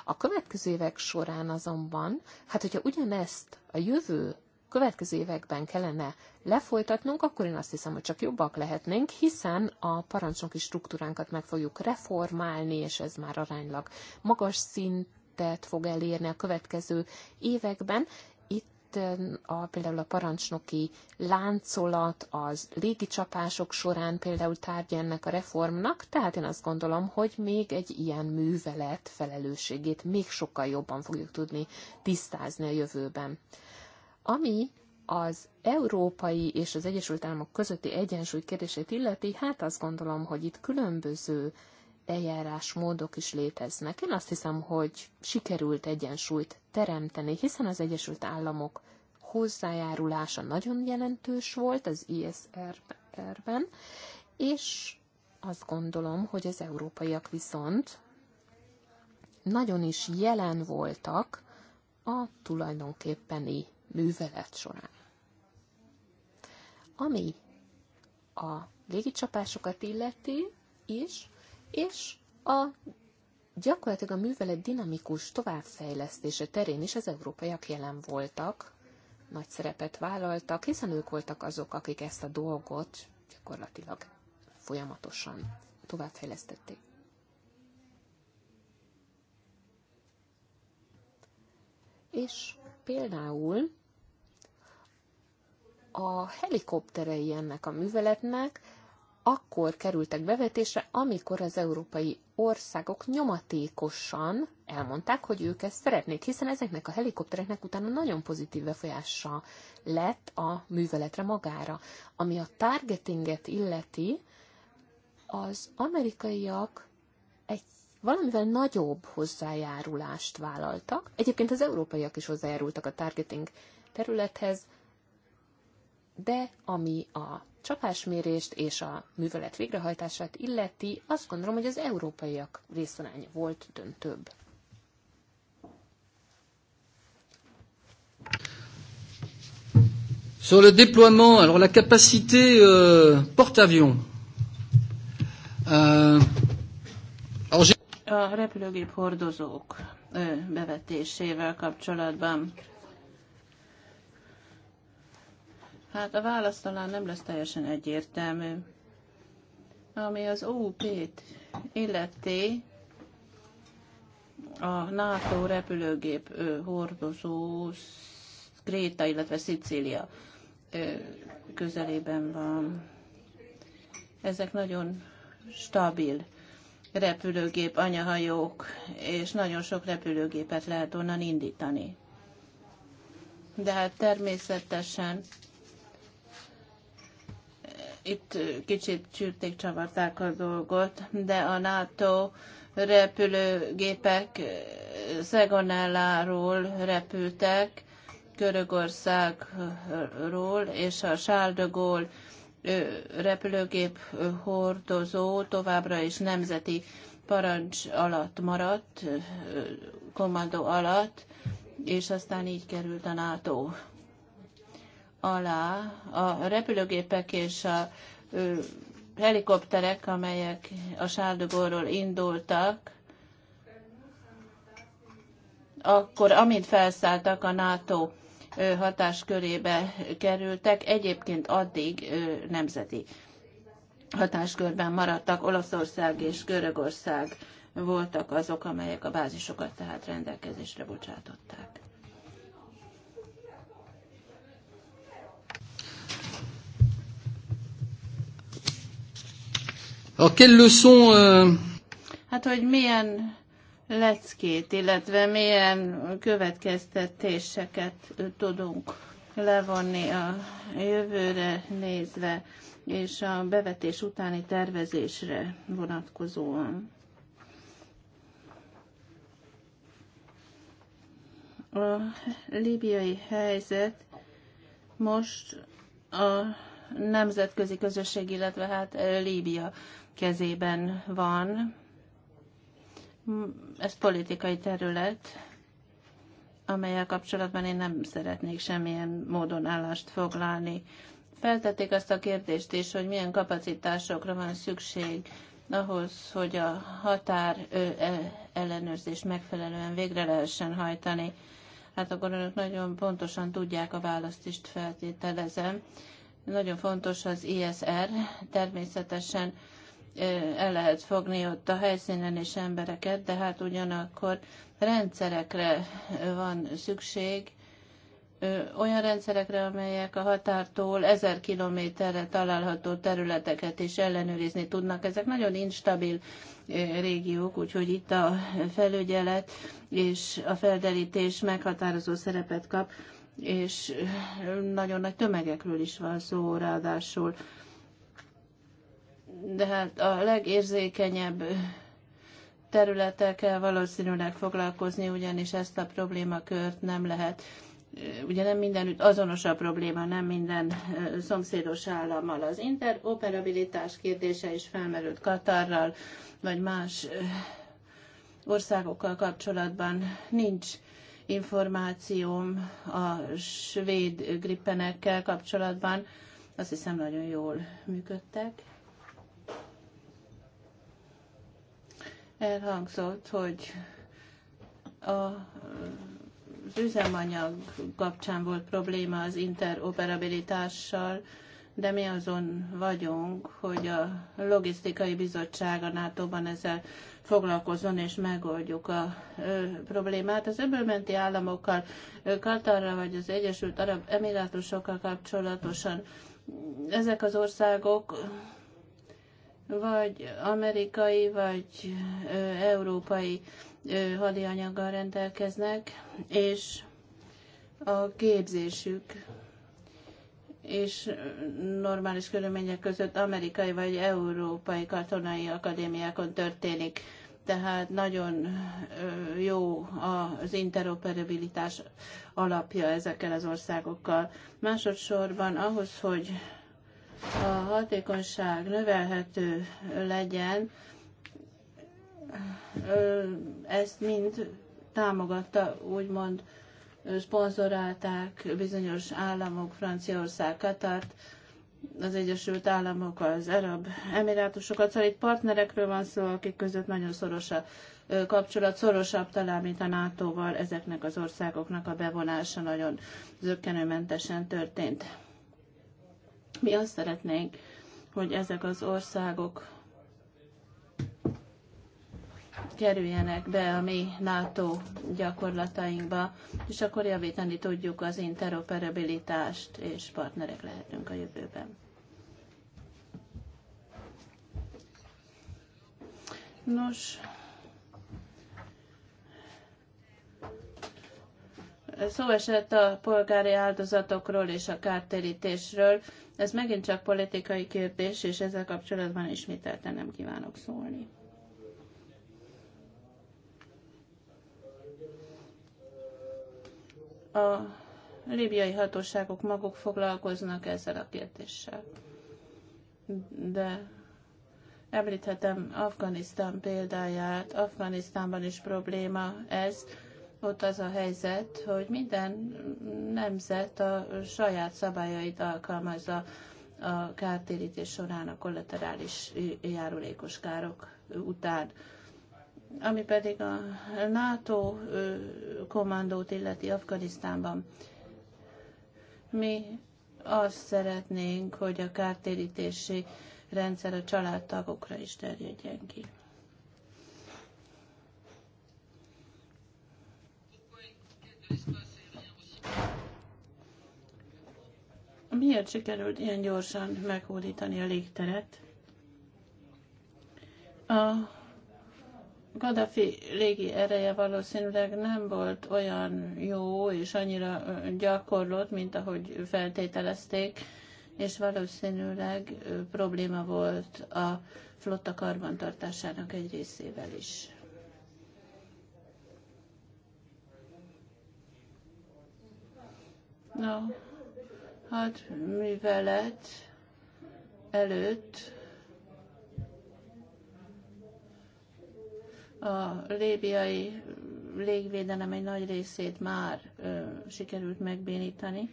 A következő évek során azonban, hát hogyha ugyanezt a jövő következő években kellene lefolytatnunk, akkor én azt hiszem, hogy csak jobbak lehetnénk, hiszen a parancsnoki struktúránkat meg fogjuk reformálni, és ez már aránylag magas szint fog elérni a következő években, a, például a parancsnoki láncolat, az csapások során például tárgy ennek a reformnak, tehát én azt gondolom, hogy még egy ilyen művelet felelősségét még sokkal jobban fogjuk tudni tisztázni a jövőben. Ami az európai és az Egyesült Államok közötti egyensúly kérdését illeti, hát azt gondolom, hogy itt különböző eljárásmódok is léteznek. Én azt hiszem, hogy sikerült egyensúlyt teremteni, hiszen az Egyesült Államok hozzájárulása nagyon jelentős volt az ISR-ben, és azt gondolom, hogy az európaiak viszont nagyon is jelen voltak a tulajdonképpeni művelet során. Ami a légicsapásokat illeti, és és a gyakorlatilag a művelet dinamikus továbbfejlesztése terén is az európaiak jelen voltak, nagy szerepet vállaltak, hiszen ők voltak azok, akik ezt a dolgot gyakorlatilag folyamatosan továbbfejlesztették. És például a helikopterei ennek a műveletnek akkor kerültek bevetésre, amikor az európai országok nyomatékosan elmondták, hogy ők ezt szeretnék, hiszen ezeknek a helikoptereknek utána nagyon pozitív befolyása lett a műveletre magára. Ami a targetinget illeti, az amerikaiak egy valamivel nagyobb hozzájárulást vállaltak. Egyébként az európaiak is hozzájárultak a targeting területhez, de ami a csapásmérést és a művelet végrehajtását illeti, azt gondolom, hogy az európaiak részaránya volt döntőbb. Sur le déploiement, alors la capacité euh, porte-avions. Euh, a repülőgép hordozók euh, bevetésével kapcsolatban Hát a válasz talán nem lesz teljesen egyértelmű. Ami az OUP-t illeti, a NATO repülőgép hordozó Kréta, illetve Szicília közelében van. Ezek nagyon stabil repülőgép anyahajók, és nagyon sok repülőgépet lehet onnan indítani. De hát természetesen itt kicsit csürték csavarták a dolgot, de a NATO repülőgépek Szegonelláról repültek, Görögországról, és a Charles repülőgép hordozó továbbra is nemzeti parancs alatt maradt, kommandó alatt, és aztán így került a NATO alá a repülőgépek és a helikopterek, amelyek a Sárdogóról indultak, akkor amint felszálltak a NATO hatáskörébe kerültek, egyébként addig nemzeti hatáskörben maradtak. Olaszország és Görögország voltak azok, amelyek a bázisokat tehát rendelkezésre bocsátották. Alors, quelles leçons... Euh... Hát, hogy milyen leckét, illetve milyen következtetéseket tudunk levonni a jövőre nézve, és a bevetés utáni tervezésre vonatkozóan. A líbiai helyzet most a nemzetközi közösség, illetve hát Líbia kezében van. Ez politikai terület, amelyel kapcsolatban én nem szeretnék semmilyen módon állást foglalni. Feltették azt a kérdést is, hogy milyen kapacitásokra van szükség ahhoz, hogy a határ e, ellenőrzés megfelelően végre lehessen hajtani. Hát akkor önök nagyon pontosan tudják a választ is feltételezem. Nagyon fontos az ISR, természetesen el lehet fogni ott a helyszínen is embereket, de hát ugyanakkor rendszerekre van szükség, olyan rendszerekre, amelyek a határtól ezer kilométerre található területeket is ellenőrizni tudnak. Ezek nagyon instabil régiók, úgyhogy itt a felügyelet és a felderítés meghatározó szerepet kap, és nagyon nagy tömegekről is van szó ráadásul de hát a legérzékenyebb területekkel valószínűleg foglalkozni, ugyanis ezt a problémakört nem lehet. Ugye nem mindenütt azonos a probléma, nem minden szomszédos állammal. Az interoperabilitás kérdése is felmerült Katarral, vagy más országokkal kapcsolatban. Nincs információm a svéd grippenekkel kapcsolatban. Azt hiszem, nagyon jól működtek. Elhangzott, hogy a, az üzemanyag kapcsán volt probléma az interoperabilitással, de mi azon vagyunk, hogy a logisztikai bizottság a NATO-ban ezzel foglalkozzon és megoldjuk a ö, problémát. Az öbölmenti államokkal, Katarra vagy az Egyesült Arab Emirátusokkal kapcsolatosan ezek az országok vagy amerikai, vagy európai hadianyaggal rendelkeznek, és a képzésük és normális körülmények között amerikai vagy európai katonai akadémiákon történik. Tehát nagyon jó az interoperabilitás alapja ezekkel az országokkal. Másodszorban ahhoz, hogy a hatékonyság növelhető legyen, ezt mind támogatta, úgymond szponzorálták bizonyos államok, Franciaország, Katart, az Egyesült Államok, az Arab Emirátusokat, szóval itt partnerekről van szó, akik között nagyon szoros a kapcsolat, szorosabb talán, mint a NATO-val, ezeknek az országoknak a bevonása nagyon zöggenőmentesen történt. Mi azt szeretnénk, hogy ezek az országok kerüljenek be a mi NATO gyakorlatainkba, és akkor javítani tudjuk az interoperabilitást, és partnerek lehetünk a jövőben. Nos, Szó esett a polgári áldozatokról és a kártérítésről. Ez megint csak politikai kérdés, és ezzel kapcsolatban ismételten nem kívánok szólni. A líbiai hatóságok maguk foglalkoznak ezzel a kérdéssel. De említhetem Afganisztán példáját. Afganisztánban is probléma ez volt az a helyzet, hogy minden nemzet a saját szabályait alkalmazza a kártérítés során a kollaterális járulékos károk után. Ami pedig a NATO kommandót illeti Afganisztánban, mi azt szeretnénk, hogy a kártérítési rendszer a családtagokra is terjedjen ki. Miért sikerült ilyen gyorsan meghódítani a légteret? A Gaddafi légi ereje valószínűleg nem volt olyan jó és annyira gyakorlott, mint ahogy feltételezték, és valószínűleg probléma volt a flotta karbantartásának egy részével is. No, hát művelet előtt a lébiai légvédelem egy nagy részét már ö, sikerült megbénítani.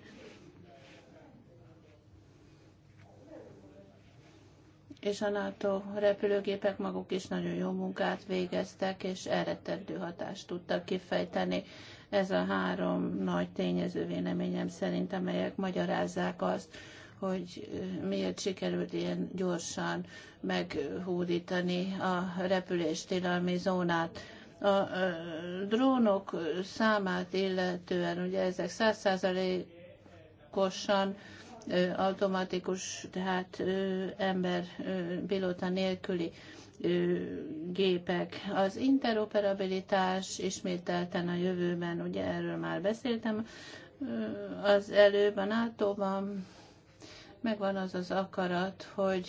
És a NATO repülőgépek maguk is nagyon jó munkát végeztek, és elrettentő hatást tudtak kifejteni ez a három nagy tényező véleményem szerint, amelyek magyarázzák azt, hogy miért sikerült ilyen gyorsan meghódítani a repüléstilalmi zónát. A drónok számát illetően, ugye ezek százszázalékosan automatikus, tehát ember pilóta nélküli gépek. Az interoperabilitás ismételten a jövőben, ugye erről már beszéltem, az előbb a NATO-ban megvan az az akarat, hogy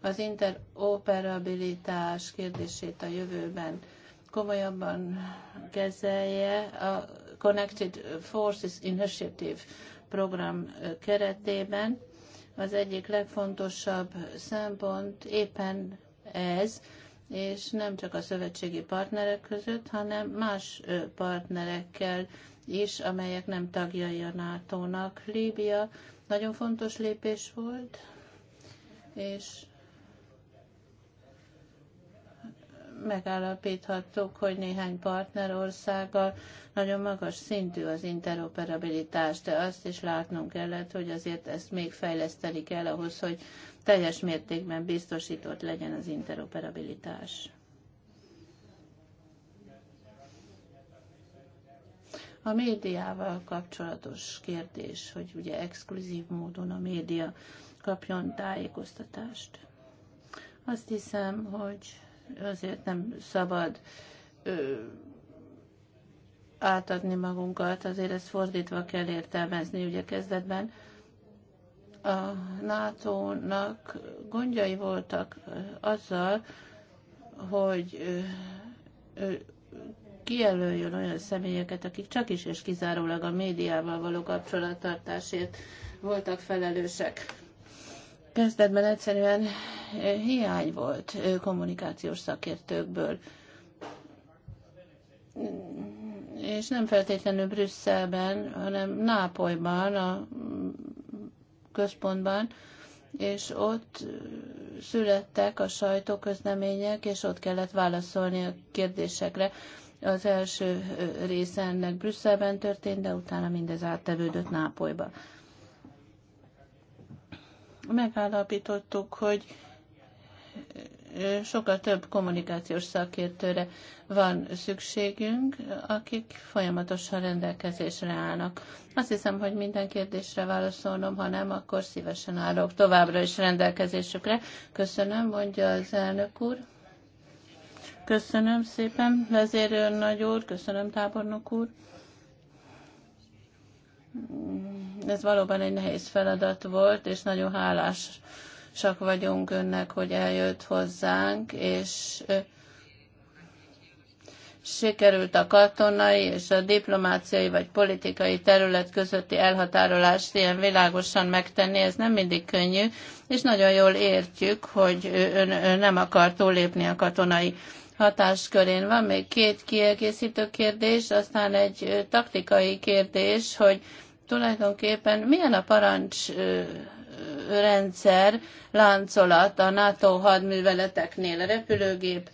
az interoperabilitás kérdését a jövőben komolyabban kezelje a Connected Forces Initiative program keretében. Az egyik legfontosabb szempont éppen ez, és nem csak a szövetségi partnerek között, hanem más partnerekkel is, amelyek nem tagjai a NATO-nak. Líbia nagyon fontos lépés volt, és megállapíthattuk, hogy néhány partnerországgal nagyon magas szintű az interoperabilitás, de azt is látnunk kellett, hogy azért ezt még fejleszteni kell ahhoz, hogy teljes mértékben biztosított legyen az interoperabilitás. A médiával kapcsolatos kérdés, hogy ugye exkluzív módon a média kapjon tájékoztatást. Azt hiszem, hogy azért nem szabad ö, átadni magunkat, azért ezt fordítva kell értelmezni ugye kezdetben. A NATO-nak gondjai voltak azzal, hogy ö, ö, kijelöljön olyan személyeket, akik csak is és kizárólag a médiával való kapcsolattartásért voltak felelősek kezdetben egyszerűen hiány volt kommunikációs szakértőkből. És nem feltétlenül Brüsszelben, hanem Nápolyban, a központban, és ott születtek a sajtóközlemények, és ott kellett válaszolni a kérdésekre. Az első része ennek Brüsszelben történt, de utána mindez áttevődött Nápolyba megállapítottuk, hogy sokkal több kommunikációs szakértőre van szükségünk, akik folyamatosan rendelkezésre állnak. Azt hiszem, hogy minden kérdésre válaszolnom, ha nem, akkor szívesen állok továbbra is rendelkezésükre. Köszönöm, mondja az elnök úr. Köszönöm szépen, vezérőr nagy úr, köszönöm tábornok úr. Mm, ez valóban egy nehéz feladat volt, és nagyon hálásak vagyunk önnek, hogy eljött hozzánk, és sikerült a katonai és a diplomáciai vagy politikai terület közötti elhatárolást ilyen világosan megtenni, ez nem mindig könnyű, és nagyon jól értjük, hogy ön, ön nem akar túlépni a katonai hatáskörén. Van még két kiegészítő kérdés, aztán egy taktikai kérdés, hogy tulajdonképpen milyen a parancsrendszer láncolat a NATO hadműveleteknél, a repülőgép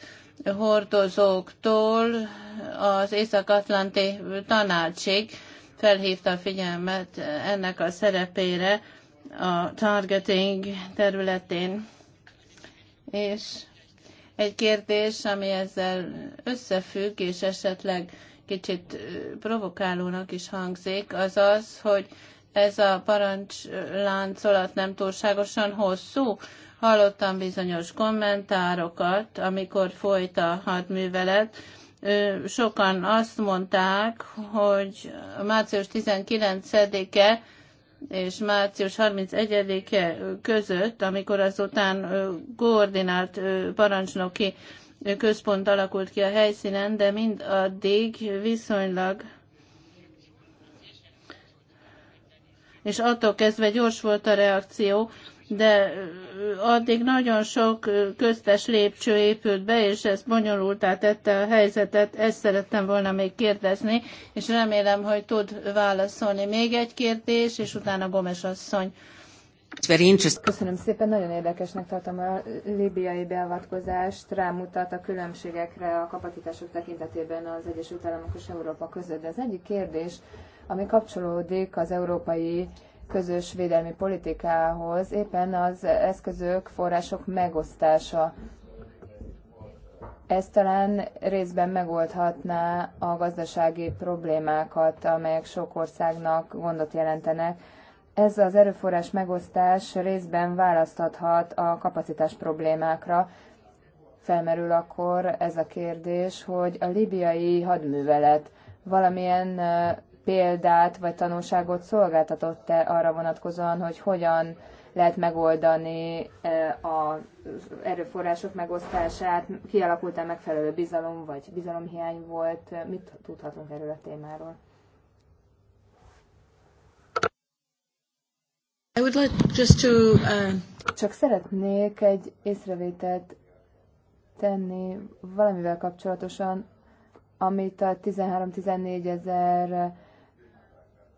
hordozóktól az Észak-Atlanti tanácsig felhívta a figyelmet ennek a szerepére a targeting területén. És egy kérdés, ami ezzel összefügg, és esetleg kicsit provokálónak is hangzik, az az, hogy ez a parancsláncolat nem túlságosan hosszú. Hallottam bizonyos kommentárokat, amikor folyt a hadművelet. Sokan azt mondták, hogy március 19-e és március 31-e között, amikor azután koordinált parancsnoki központ alakult ki a helyszínen, de mind addig viszonylag és attól kezdve gyors volt a reakció, de addig nagyon sok köztes lépcső épült be, és ez bonyolultá tette a helyzetet, ezt szerettem volna még kérdezni, és remélem, hogy tud válaszolni. Még egy kérdés, és utána Gomes asszony. Köszönöm szépen, nagyon érdekesnek tartom a libiai beavatkozást, rámutat a különbségekre a kapacitások tekintetében az Egyesült Államok és Európa között. De az egyik kérdés, ami kapcsolódik az európai közös védelmi politikához éppen az eszközök, források megosztása. Ez talán részben megoldhatná a gazdasági problémákat, amelyek sok országnak gondot jelentenek. Ez az erőforrás megosztás részben választathat a kapacitás problémákra. Felmerül akkor ez a kérdés, hogy a libiai hadművelet valamilyen példát vagy tanulságot szolgáltatott -e arra vonatkozóan, hogy hogyan lehet megoldani e, az erőforrások megosztását, kialakult-e megfelelő bizalom, vagy bizalomhiány volt, mit tudhatunk erről a témáról? I would like just to, uh... Csak szeretnék egy észrevételt tenni valamivel kapcsolatosan, amit a 13-14 ezer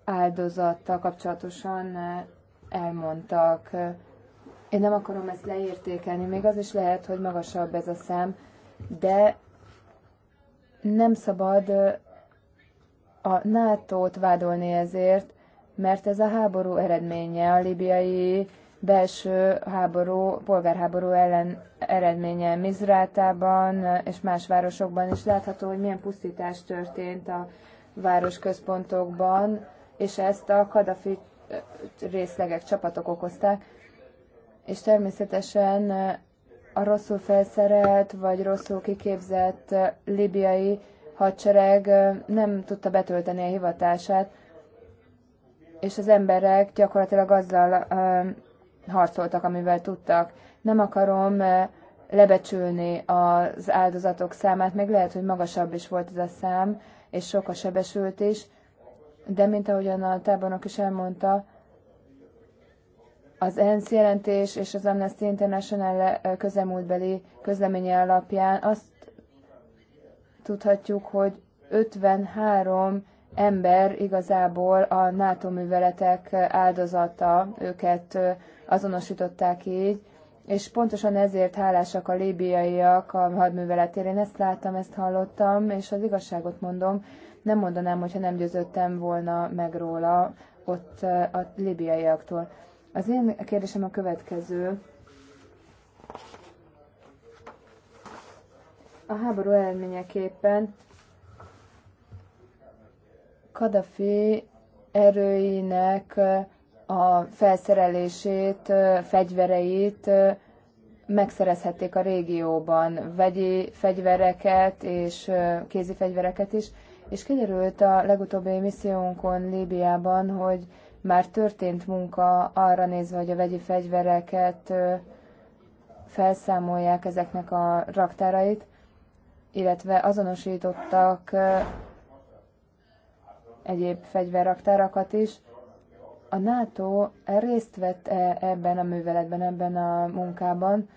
áldozattal kapcsolatosan eh, elmondtak. Én nem akarom ezt leértékelni, még az is lehet, hogy magasabb ez a szám, de nem szabad eh, a NATO-t vádolni ezért, mert ez a háború eredménye, a libiai belső háború, polgárháború ellen eredménye Mizrátában eh, és más városokban is látható, hogy milyen pusztítás történt a városközpontokban, és ezt a Kadafi részlegek, csapatok okozták, és természetesen a rosszul felszerelt vagy rosszul kiképzett libiai hadsereg nem tudta betölteni a hivatását, és az emberek gyakorlatilag azzal harcoltak, amivel tudtak. Nem akarom lebecsülni az áldozatok számát, meg lehet, hogy magasabb is volt ez a szám, és sok a sebesült is, de mint ahogyan a tábornok is elmondta, az ENSZ jelentés és az Amnesty International eh, közelmúltbeli közleménye alapján azt tudhatjuk, hogy 53 ember igazából a NATO műveletek eh, áldozata, őket eh, azonosították így, és pontosan ezért hálásak a líbiaiak a hadműveletére. Én ezt láttam, ezt hallottam, és az igazságot mondom, nem mondanám, hogyha nem győződtem volna meg róla ott a libiaiaktól. Az én kérdésem a következő. A háború eredményeképpen Kadafi erőinek a felszerelését, fegyvereit megszerezhették a régióban, vegyi fegyvereket és kézi fegyvereket is és kiderült a legutóbbi missziónkon Líbiában, hogy már történt munka arra nézve, hogy a vegyi fegyvereket felszámolják ezeknek a raktárait, illetve azonosítottak egyéb fegyverraktárakat is. A NATO részt vett -e ebben a műveletben, ebben a munkában,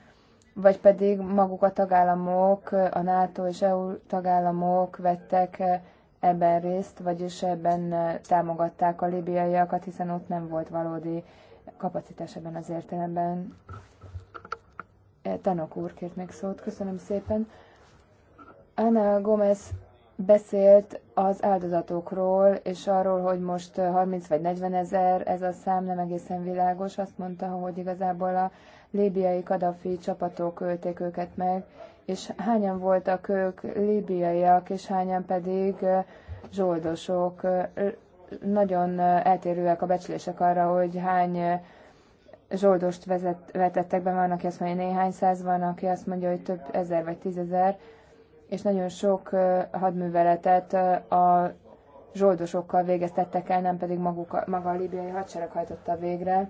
vagy pedig maguk a tagállamok, a NATO és EU tagállamok vettek ebben részt, vagyis ebben eh, támogatták a libiaiakat, hiszen ott nem volt valódi kapacitás ebben az értelemben. Eh, Tanok úr kért még szót. Köszönöm szépen. Ana Gomez beszélt az áldozatokról, és arról, hogy most 30 eh, vagy 40 ezer, ez a szám nem egészen világos. Azt mondta, hogy igazából a líbiai Kadafi csapatok ölték őket meg, és hányan voltak ők líbiaiak, és hányan pedig zsoldosok. Nagyon eltérőek a becslések arra, hogy hány zsoldost vezet, vetettek be, van, aki azt mondja, néhány száz, van, aki azt mondja, hogy több ezer vagy tízezer, és nagyon sok hadműveletet a zsoldosokkal végeztettek el, nem pedig maguk, maga a libiai hadsereg hajtotta végre.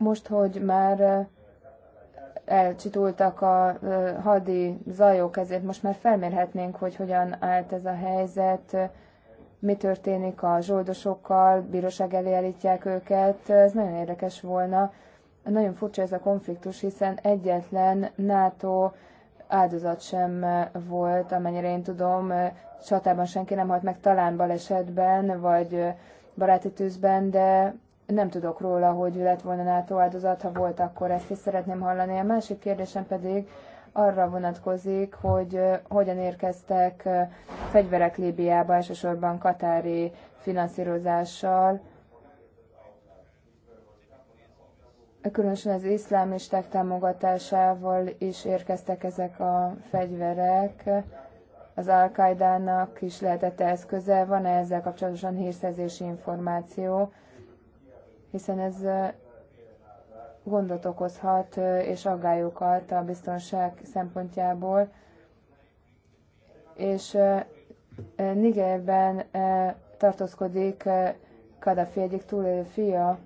Most, hogy már elcsitultak a hadi zajok, ezért most már felmérhetnénk, hogy hogyan állt ez a helyzet, mi történik a zsoldosokkal, bíróság elé állítják őket. Ez nagyon érdekes volna. Nagyon furcsa ez a konfliktus, hiszen egyetlen NATO áldozat sem volt, amennyire én tudom, csatában senki nem halt meg, talán balesetben, vagy baráti tűzben, de nem tudok róla, hogy lett volna NATO áldozat, ha volt, akkor ezt is szeretném hallani. A másik kérdésem pedig arra vonatkozik, hogy hogyan érkeztek fegyverek Líbiába, elsősorban katári finanszírozással, különösen az iszlámisták támogatásával is érkeztek ezek a fegyverek. Az al is lehetett eszköze, van-e ezzel kapcsolatosan hírszerzési információ? hiszen ez gondot okozhat és aggályokat a biztonság szempontjából. És Nigerben tartózkodik Kadafi egyik túlélő fia,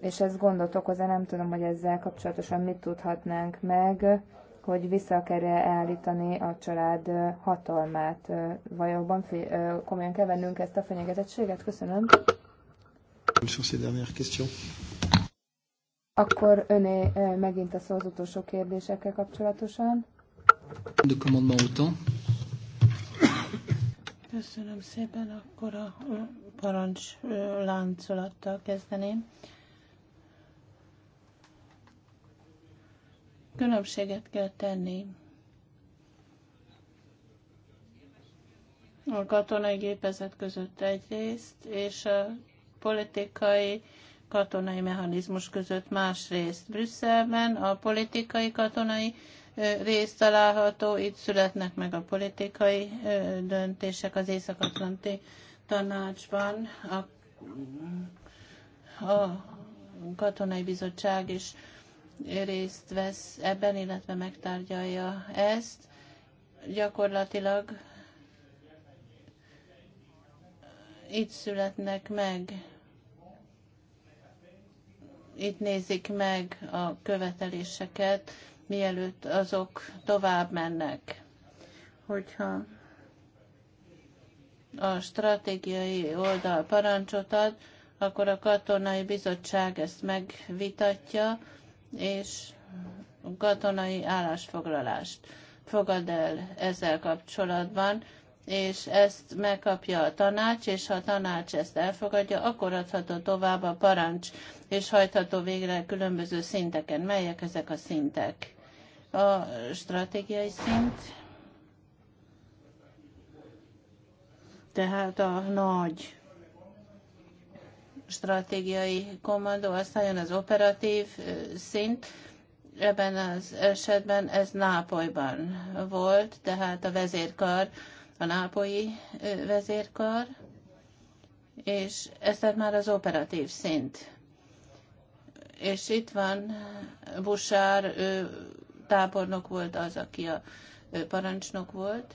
és ez gondot okoz, nem tudom, hogy ezzel kapcsolatosan mit tudhatnánk meg, hogy vissza kell -e állítani a család hatalmát. Vajon komolyan kell vennünk ezt a fenyegetettséget? Köszönöm. Sur ces dernières questions. Akkor öné megint a szó az utolsó kérdésekkel kapcsolatosan. De commandement autant. Köszönöm szépen, akkor a parancs láncolattal kezdeném. Különbséget kell tenni a katonai gépezet között egyrészt, és a politikai katonai mechanizmus között másrészt. Brüsszelben a politikai katonai rész található, itt születnek meg a politikai döntések az Észak-Atlanti tanácsban. A, a katonai bizottság is részt vesz ebben, illetve megtárgyalja ezt. Gyakorlatilag itt születnek meg itt nézik meg a követeléseket, mielőtt azok tovább mennek. Hogyha a stratégiai oldal parancsot ad, akkor a katonai bizottság ezt megvitatja, és katonai állásfoglalást fogad el ezzel kapcsolatban és ezt megkapja a tanács, és ha a tanács ezt elfogadja, akkor adható tovább a parancs, és hajtható végre különböző szinteken. Melyek ezek a szintek? A stratégiai szint, tehát a nagy stratégiai kommandó, aztán jön az operatív szint, ebben az esetben ez Nápolyban volt, tehát a vezérkar, a nápolyi vezérkar, és ez már az operatív szint. És itt van Busár, ő tábornok volt az, aki a parancsnok volt.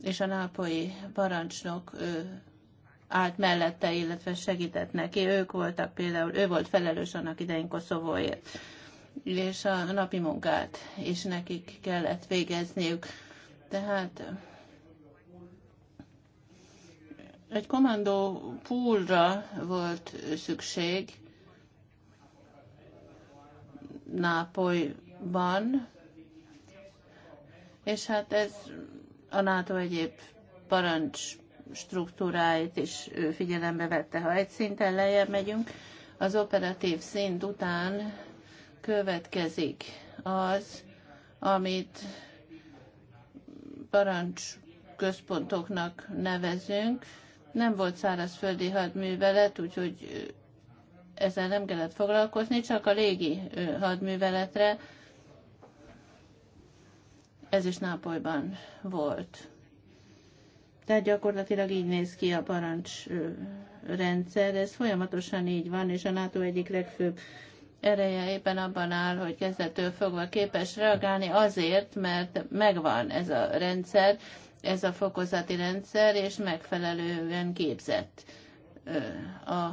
És a nápolyi parancsnok ő állt mellette, illetve segített neki. Ők voltak például, ő volt felelős annak idején Koszovóért, és a napi munkát is nekik kellett végezniük. Tehát egy komando poolra volt szükség Nápolyban, és hát ez a NATO egyéb parancs struktúráit is figyelembe vette. Ha egy szinten lejjebb megyünk, az operatív szint után következik az, amit parancsközpontoknak nevezünk. Nem volt szárazföldi hadművelet, úgyhogy ezzel nem kellett foglalkozni, csak a légi hadműveletre. Ez is Nápolyban volt. Tehát gyakorlatilag így néz ki a parancsrendszer, ez folyamatosan így van, és a NATO egyik legfőbb ereje éppen abban áll, hogy kezdettől fogva képes reagálni azért, mert megvan ez a rendszer, ez a fokozati rendszer, és megfelelően képzett a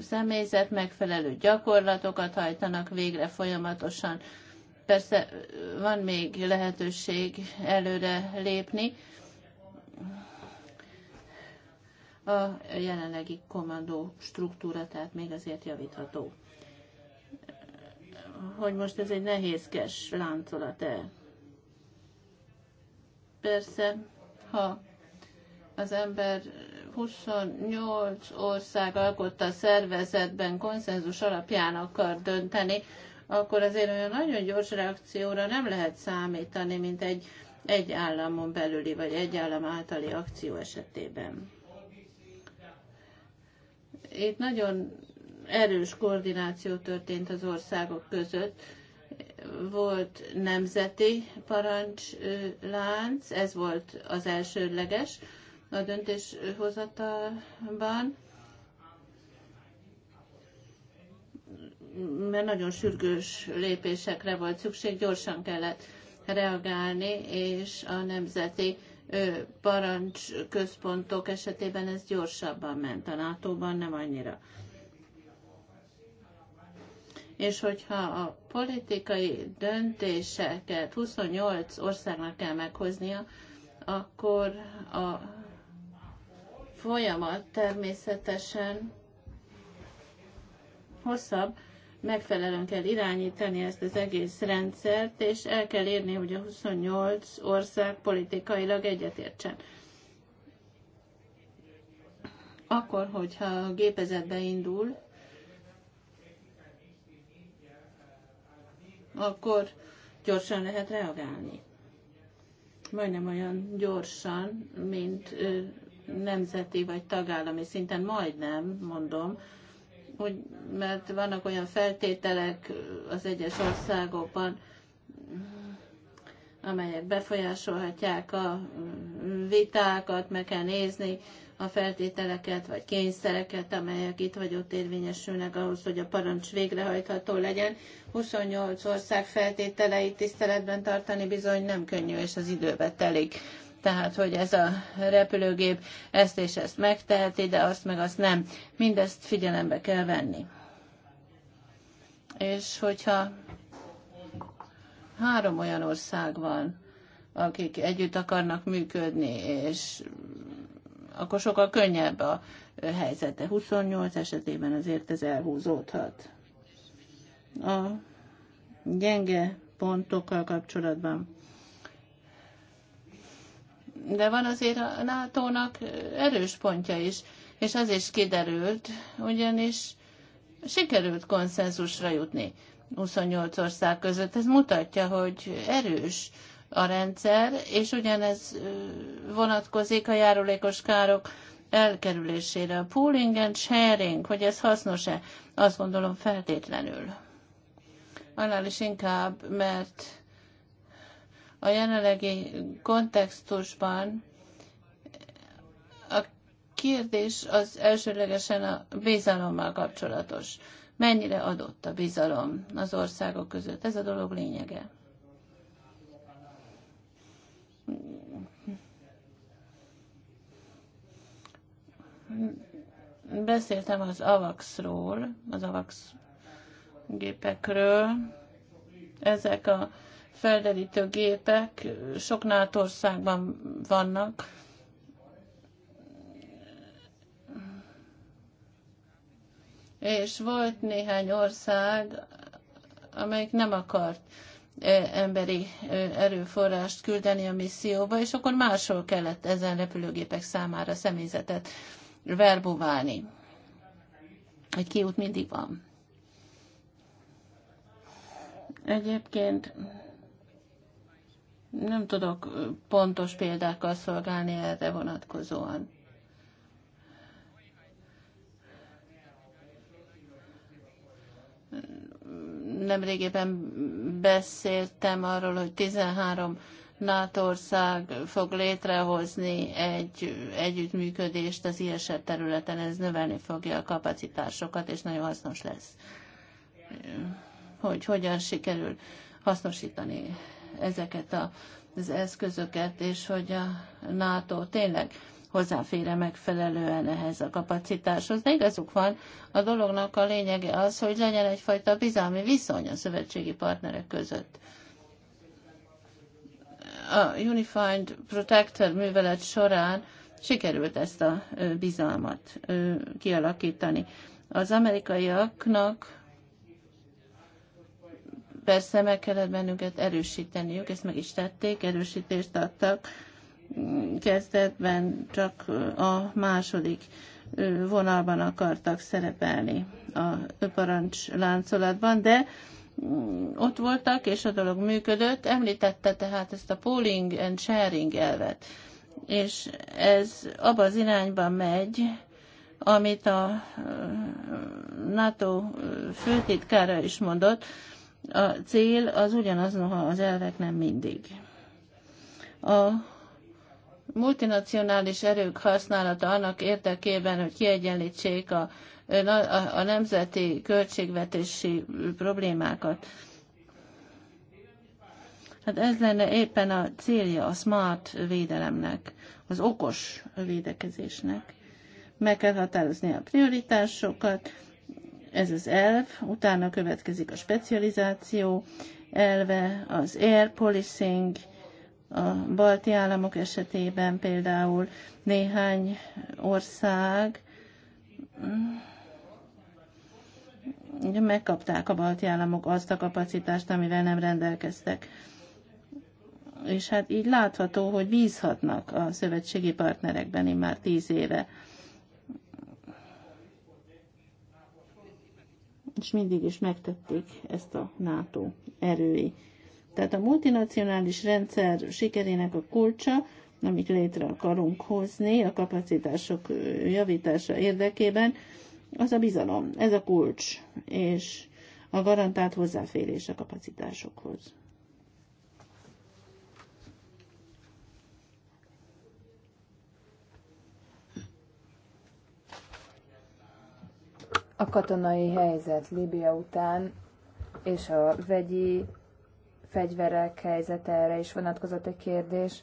személyzet, megfelelő gyakorlatokat hajtanak végre folyamatosan. Persze van még lehetőség előre lépni, a jelenlegi kommandó struktúra, tehát még azért javítható. Hogy most ez egy nehézkes láncolat-e? Persze, ha az ember 28 ország alkotta szervezetben konszenzus alapján akar dönteni, akkor azért olyan nagyon gyors reakcióra nem lehet számítani, mint egy egy államon belüli vagy egy állam általi akció esetében. Itt nagyon erős koordináció történt az országok között. Volt nemzeti parancslánc, ez volt az elsődleges a döntéshozatalban, mert nagyon sürgős lépésekre volt szükség, gyorsan kellett reagálni, és a nemzeti parancsközpontok esetében ez gyorsabban ment, a NATO-ban nem annyira. És hogyha a politikai döntéseket 28 országnak kell meghoznia, akkor a folyamat természetesen hosszabb, megfelelően kell irányítani ezt az egész rendszert, és el kell érni, hogy a 28 ország politikailag egyetértsen. Akkor, hogyha a gépezetbe indul, akkor gyorsan lehet reagálni. Majdnem olyan gyorsan, mint nemzeti vagy tagállami szinten, majdnem, mondom, hogy, mert vannak olyan feltételek az egyes országokban, amelyek befolyásolhatják a vitákat, meg kell nézni a feltételeket vagy kényszereket, amelyek itt vagy ott érvényesülnek ahhoz, hogy a parancs végrehajtható legyen. 28 ország feltételeit tiszteletben tartani bizony nem könnyű, és az időbe telik tehát hogy ez a repülőgép ezt és ezt megteheti, de azt meg azt nem. Mindezt figyelembe kell venni. És hogyha három olyan ország van, akik együtt akarnak működni, és akkor sokkal könnyebb a helyzete. 28 esetében azért ez elhúzódhat. A gyenge pontokkal kapcsolatban de van azért a NATO-nak erős pontja is, és az is kiderült, ugyanis sikerült konszenzusra jutni 28 ország között. Ez mutatja, hogy erős a rendszer, és ugyanez vonatkozik a járulékos károk elkerülésére. A pooling and sharing, hogy ez hasznos-e, azt gondolom feltétlenül. Annál is inkább, mert a jelenlegi kontextusban a kérdés az elsőlegesen a bizalommal kapcsolatos. Mennyire adott a bizalom az országok között? Ez a dolog lényege. Beszéltem az AVAX-ról, az AVAX gépekről. Ezek a felderítő gépek sok NATO országban vannak. És volt néhány ország, amelyik nem akart emberi erőforrást küldeni a misszióba, és akkor máshol kellett ezen repülőgépek számára személyzetet verbúválni. Egy kiút mindig van. Egyébként nem tudok pontos példákkal szolgálni erre vonatkozóan. Nemrégében beszéltem arról, hogy 13 NATO ország fog létrehozni egy együttműködést az ISF területen, ez növelni fogja a kapacitásokat, és nagyon hasznos lesz. Hogy hogyan sikerül hasznosítani ezeket a, az eszközöket, és hogy a NATO tényleg hozzáfér megfelelően ehhez a kapacitáshoz. De igazuk van, a dolognak a lényege az, hogy legyen egyfajta bizalmi viszony a szövetségi partnerek között. A Unified Protector művelet során sikerült ezt a bizalmat kialakítani. Az amerikaiaknak persze meg kellett bennünket erősíteniük, ezt meg is tették, erősítést adtak. Mm, kezdetben csak a második vonalban akartak szerepelni a parancs láncolatban, de mm, ott voltak, és a dolog működött. Említette tehát ezt a pooling and sharing elvet, és ez abba az irányba megy, amit a NATO főtitkára is mondott, a cél az ugyanaz, noha az elvek nem mindig. A multinacionális erők használata annak érdekében, hogy kiegyenlítsék a, a, a nemzeti költségvetési problémákat. Hát ez lenne éppen a célja a smart védelemnek, az okos védekezésnek. Meg kell határozni a prioritásokat, ez az elv, utána következik a specializáció elve, az air policing, a balti államok esetében például néhány ország mm, ugye megkapták a balti államok azt a kapacitást, amivel nem rendelkeztek. És hát így látható, hogy bízhatnak a szövetségi partnerekben immár tíz éve. és mindig is megtették ezt a NATO erői. Tehát a multinacionális rendszer sikerének a kulcsa, amit létre akarunk hozni a kapacitások javítása érdekében, az a bizalom, ez a kulcs, és a garantált hozzáférés a kapacitásokhoz. A katonai helyzet Líbia után és a vegyi fegyverek helyzete erre is vonatkozott egy kérdés,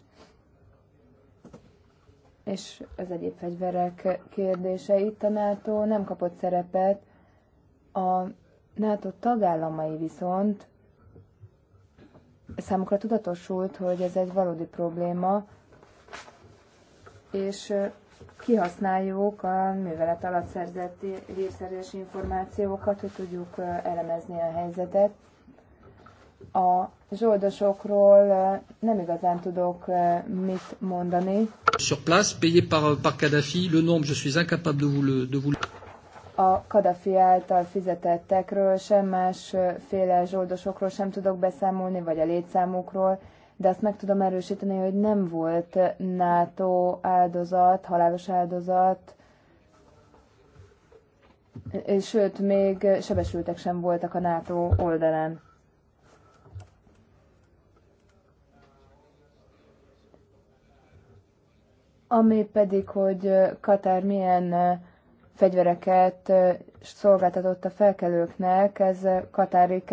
és az egyéb fegyverek kérdése. Itt a NATO nem kapott szerepet, a NATO tagállamai viszont számukra tudatosult, hogy ez egy valódi probléma, és kihasználjuk a művelet alatt szerzett hírszerzés információkat, hogy tudjuk elemezni a helyzetet. A zsoldosokról nem igazán tudok mit mondani. Sur place, payé par, par Kadhafi, le nombre, je suis incapable de vous le... De vous... A Kadhafi által fizetettekről sem, másféle zsoldosokról sem tudok beszámolni, vagy a létszámukról de azt meg tudom erősíteni, hogy nem volt NATO áldozat, halálos áldozat, és sőt, még sebesültek sem voltak a NATO oldalán. Ami pedig, hogy Katár milyen fegyvereket szolgáltatott a felkelőknek, ez Katári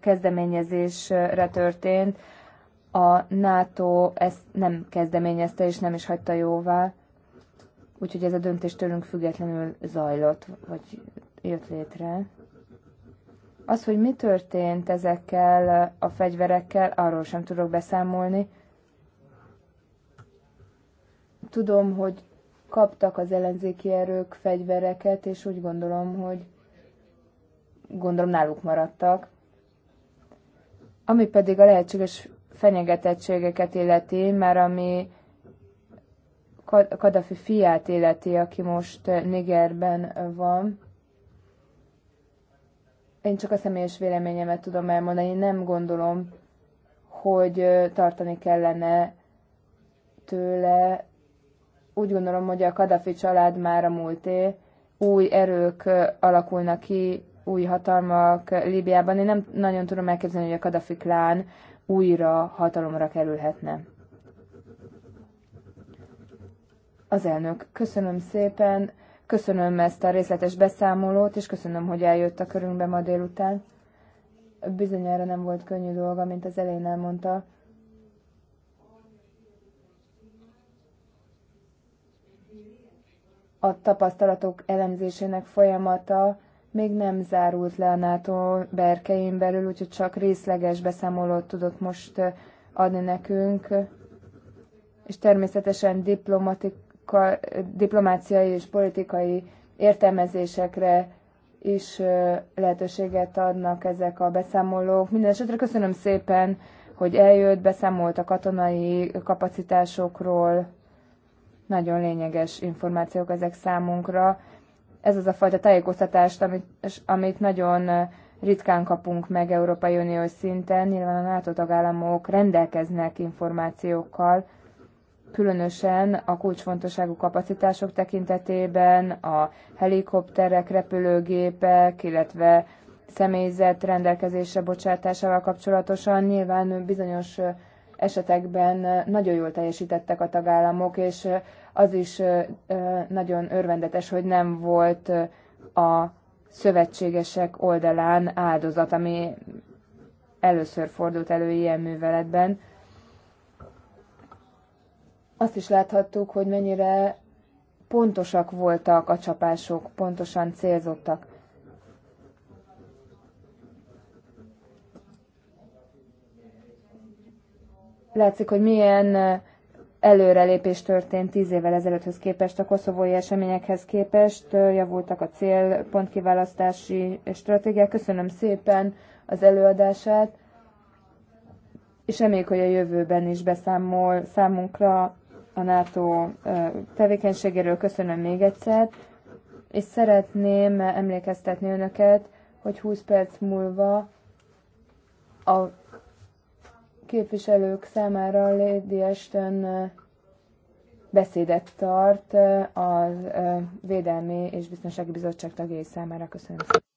kezdeményezésre történt a NATO ezt nem kezdeményezte és nem is hagyta jóvá, úgyhogy ez a döntés tőlünk függetlenül zajlott, vagy jött létre. Az, hogy mi történt ezekkel a fegyverekkel, arról sem tudok beszámolni. Tudom, hogy kaptak az ellenzéki erők fegyvereket, és úgy gondolom, hogy gondolom náluk maradtak. Ami pedig a lehetséges fenyegetettségeket illeti, mert ami Kadafi fiát illeti, aki most eh, Nigerben eh, van. Én csak a személyes véleményemet tudom elmondani, én nem gondolom, hogy eh, tartani kellene tőle. Úgy gondolom, hogy a Kadafi család már a múlté, új erők alakulnak ki új hatalmak Líbiában. Én nem nagyon tudom elképzelni, hogy a Kadafi klán újra hatalomra kerülhetne. Az elnök, köszönöm szépen, köszönöm ezt a részletes beszámolót, és köszönöm, hogy eljött a körünkbe ma délután. Bizonyára nem volt könnyű dolga, mint az elején elmondta. A tapasztalatok elemzésének folyamata még nem zárult le a NATO berkein belül, úgyhogy csak részleges beszámolót tudott most adni nekünk, és természetesen diplomáciai és politikai értelmezésekre is lehetőséget adnak ezek a beszámolók. Mindenesetre köszönöm szépen, hogy eljött, beszámolt a katonai kapacitásokról. Nagyon lényeges információk ezek számunkra. Ez az a fajta tájékoztatást, amit, amit nagyon ritkán kapunk meg Európai Uniós szinten. Nyilván a NATO tagállamok rendelkeznek információkkal, különösen a kulcsfontosságú kapacitások tekintetében, a helikopterek, repülőgépek, illetve személyzet rendelkezésre bocsátásával kapcsolatosan. Nyilván bizonyos esetekben nagyon jól teljesítettek a tagállamok, és az is nagyon örvendetes, hogy nem volt a szövetségesek oldalán áldozat, ami először fordult elő ilyen műveletben. Azt is láthattuk, hogy mennyire pontosak voltak a csapások, pontosan célzottak. Látszik, hogy milyen előrelépés történt tíz évvel ezelőtthöz képest, a koszovói eseményekhez képest javultak a célpontkiválasztási stratégiák. Köszönöm szépen az előadását, és reméljük, hogy a jövőben is beszámol számunkra a NATO tevékenységéről. Köszönöm még egyszer, és szeretném emlékeztetni önöket, hogy 20 perc múlva a képviselők számára Lady Ashton beszédet tart a Védelmi és Biztonsági Bizottság tagjai számára. Köszönöm szépen.